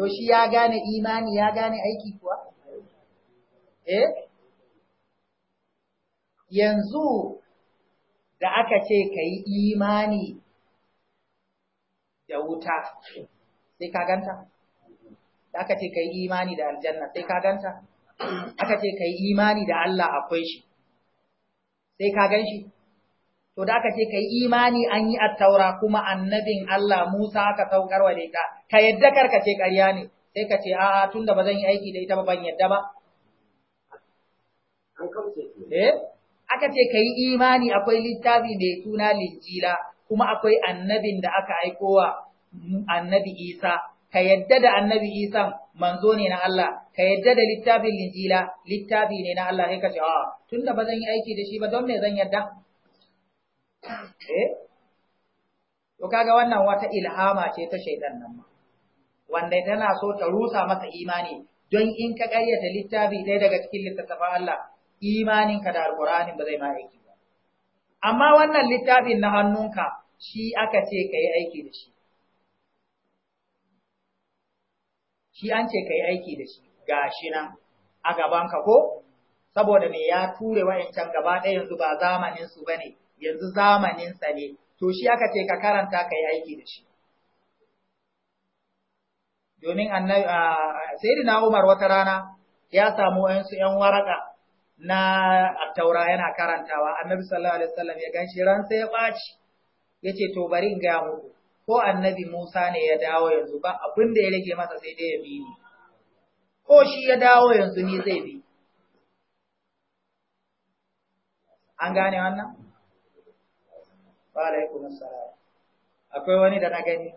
to shi ya gane imani ya gane aiki kuwa? Eh? Yanzu da aka ce ka yi imani da wuta, sai ka ganta? Da aka ce ka yi imani da aljanna, sai ka ganta? Aka ce ka yi imani da Allah akwai shi, sai ka gan shi? to da aka ce kai imani an yi attaura kuma annabin Allah Musa aka saukar da ita ka yadda karka ce ƙarya ne sai ka ce a'a tunda ba zan yi aiki da ita ba ban yadda ba eh aka ce kai imani akwai littafi mai suna linjila kuma akwai annabin da aka aiko wa annabi Isa ka yadda da annabi Isa manzo ne na Allah ka yadda da littafin linjila littafi ne na Allah sai ka ce a'a tunda ba zan yi aiki da shi ba don me zan yadda Eh? to kaga wannan wata ilhama ce ta shaidan nan ma wanda tana so ta rusa masa imani don in ka ƙaryata littafi ɗaya daga cikin littattafan Allah imaninka da alƙur'anin ba zai ma aiki ba amma wannan littafin na hannunka shi aka ce ka yi aiki da shi shi an ce ka yi aiki da shi ga shi nan a gabanka ko saboda me ya ture wa'incan gaba ɗaya yanzu ba zamaninsu ba ne yanzu zamaninsa ne, to shi aka ce ka karanta ka yi aiki da shi. Domin annabi, sai Umar wata rana ya samu ‘yansu ‘yan waraka na taura yana karantawa, annabi sallallahu Alaihi wasallam ya gan ransa ya ɓaci, ya ce, To bari in gaya muku, ko annabi Musa ne ya dawo yanzu ba abin da ya rage masa sai dai ya bi ni, ko shi ya dawo yanzu ni zai bi. An gane wannan? akwai wani da na gani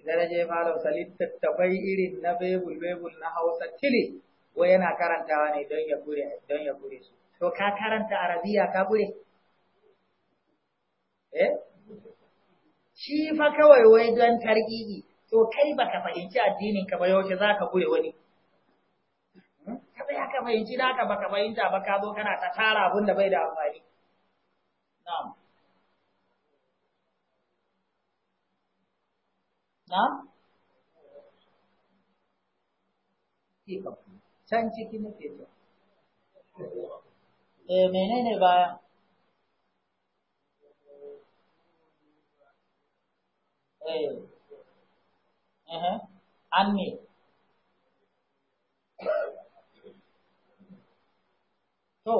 idan je malam salim tattafai irin na bebul bebul na hausa tili wai yana karantawa ne don ya kure don ya kure su to ka karanta arabiya ka kure eh shi fa kawai wai don tarkihi to kai baka fahimci addinin ka ba yaushe zaka kure wani hmm? kada ka fahimci da ka baka fahimta ba ka zo kana ta tara abin da bai da amfani na'am na kika can ciki nake eh, to menene baya eh. an ne to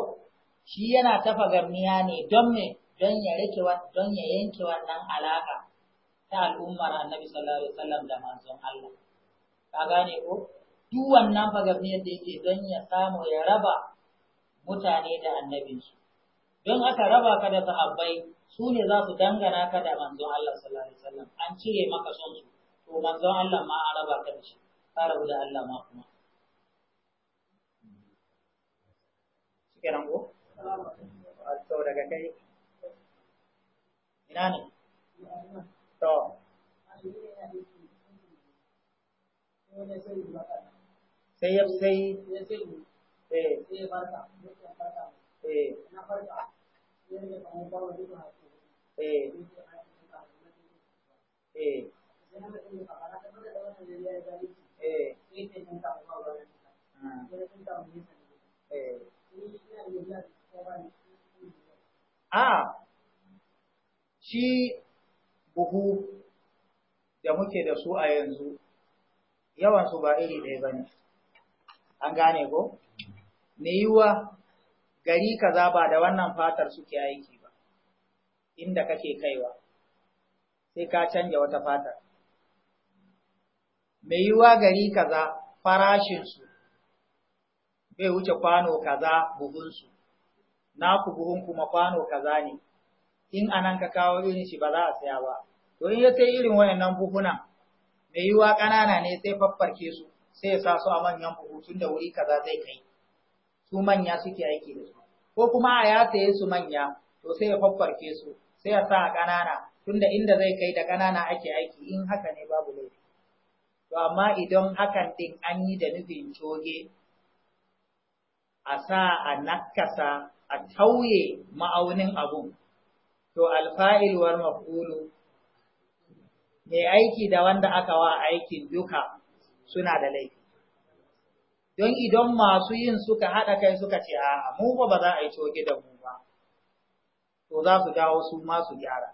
shi yana tafa garniya ne don me don ya rike don ya yanke wannan alaka ta al'ummar annabi sallallahu alaihi wasallam da manzon Allah ka gane ko duk wannan fagabniyar da yake don ya samu ya raba mutane da annabinsu don aka raba ka da sahabbai su ne za su dangana ka da manzon Allah sallallahu alaihi wasallam an cire maka son su to manzon Allah ma an raba ka da shi ka rabu da Allah ma kuma ko daga kai ina ne sai ya sai eh. eh. eh. a ah. shi buhu da muke da su a yanzu yawansu ba iri ɗaya ba ne an gane ko me yiwuwa gari kaza ba da wannan fatar suke aiki ba inda kake kaiwa sai ka canja wata fatar me yiwuwa gari kaza farashinsu bai wuce kwano kaza buhunsu naku buhun kuma kwano kaza ne in anan ka kawo irin shi ba za a saya ba to in ya sai irin wayannan buhuna mai yiwa ƙanana ne sai faffarke su sai ya sa su a manyan buhu tun da wuri kaza zai kai su manya suke aiki da su ko kuma a ya saye su manya to sai ya faffarke su sai ya sa a ƙanana tunda inda zai kai da ƙanana ake aiki in haka ne babu laifi to amma idan hakan ɗin an yi da nufin coge a sa a nakasa a tauye ma'aunin abun to alfa'il war maf'ulu mai aiki da wanda aka wa aikin duka suna da laifi don idan masu yin suka haɗa kai suka ce a'a mu ba ba za a yi coke da mu ba to za su dawo su masu gyara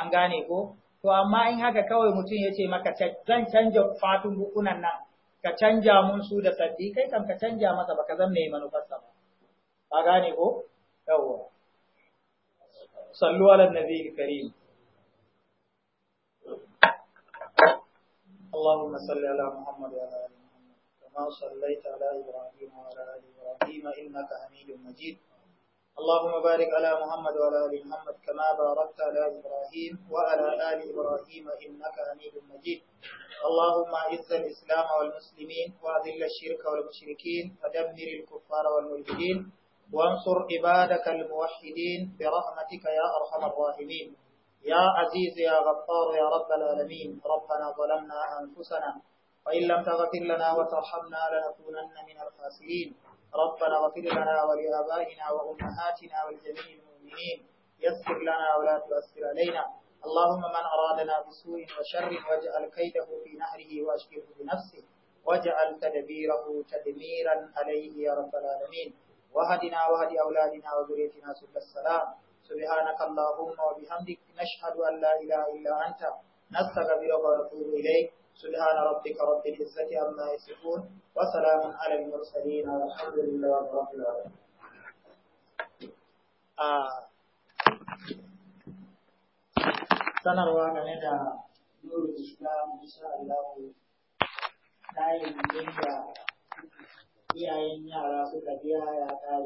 an gane ko to amma in haka kawai mutum ya ce maka zan canja fatun bukunan nan ka canja mun su da sabbi kai kam ka canja masa baka zan mai manufarsa ba ka gane ko yawwa صلوا على النبي الكريم اللهم صل على محمد وعلى ال محمد كما صليت على ابراهيم وعلى ال ابراهيم انك حميد مجيد اللهم بارك على محمد وعلى ال محمد كما باركت على ابراهيم وعلى ال ابراهيم انك حميد مجيد اللهم اعز الاسلام والمسلمين واذل الشرك والمشركين ودمر الكفار والملحدين وانصر عبادك الموحدين برحمتك يا أرحم الراحمين يا عزيز يا غفار يا رب العالمين ربنا ظلمنا أنفسنا وإن لم تغفر لنا وترحمنا لنكونن من الخاسرين ربنا اغفر لنا ولآبائنا وأمهاتنا ولجميع المؤمنين يسر لنا ولا تؤثر علينا اللهم من أرادنا بسوء وشر واجعل كيده في نهره وأشكره بنفسه واجعل تدبيره تدميرا عليه يا رب العالمين وهدنا وهدي أولادنا وذريتنا سبل السلام سبحانك اللهم وبحمدك نشهد أن لا إله إلا أنت نستغفرك ونتوب إليك سبحان ربك رب العزة عما يصفون وسلام على المرسلين والحمد لله رب العالمين sanarwa game da nurul ان insha Allah layin da iyayen yara suka biya ya kare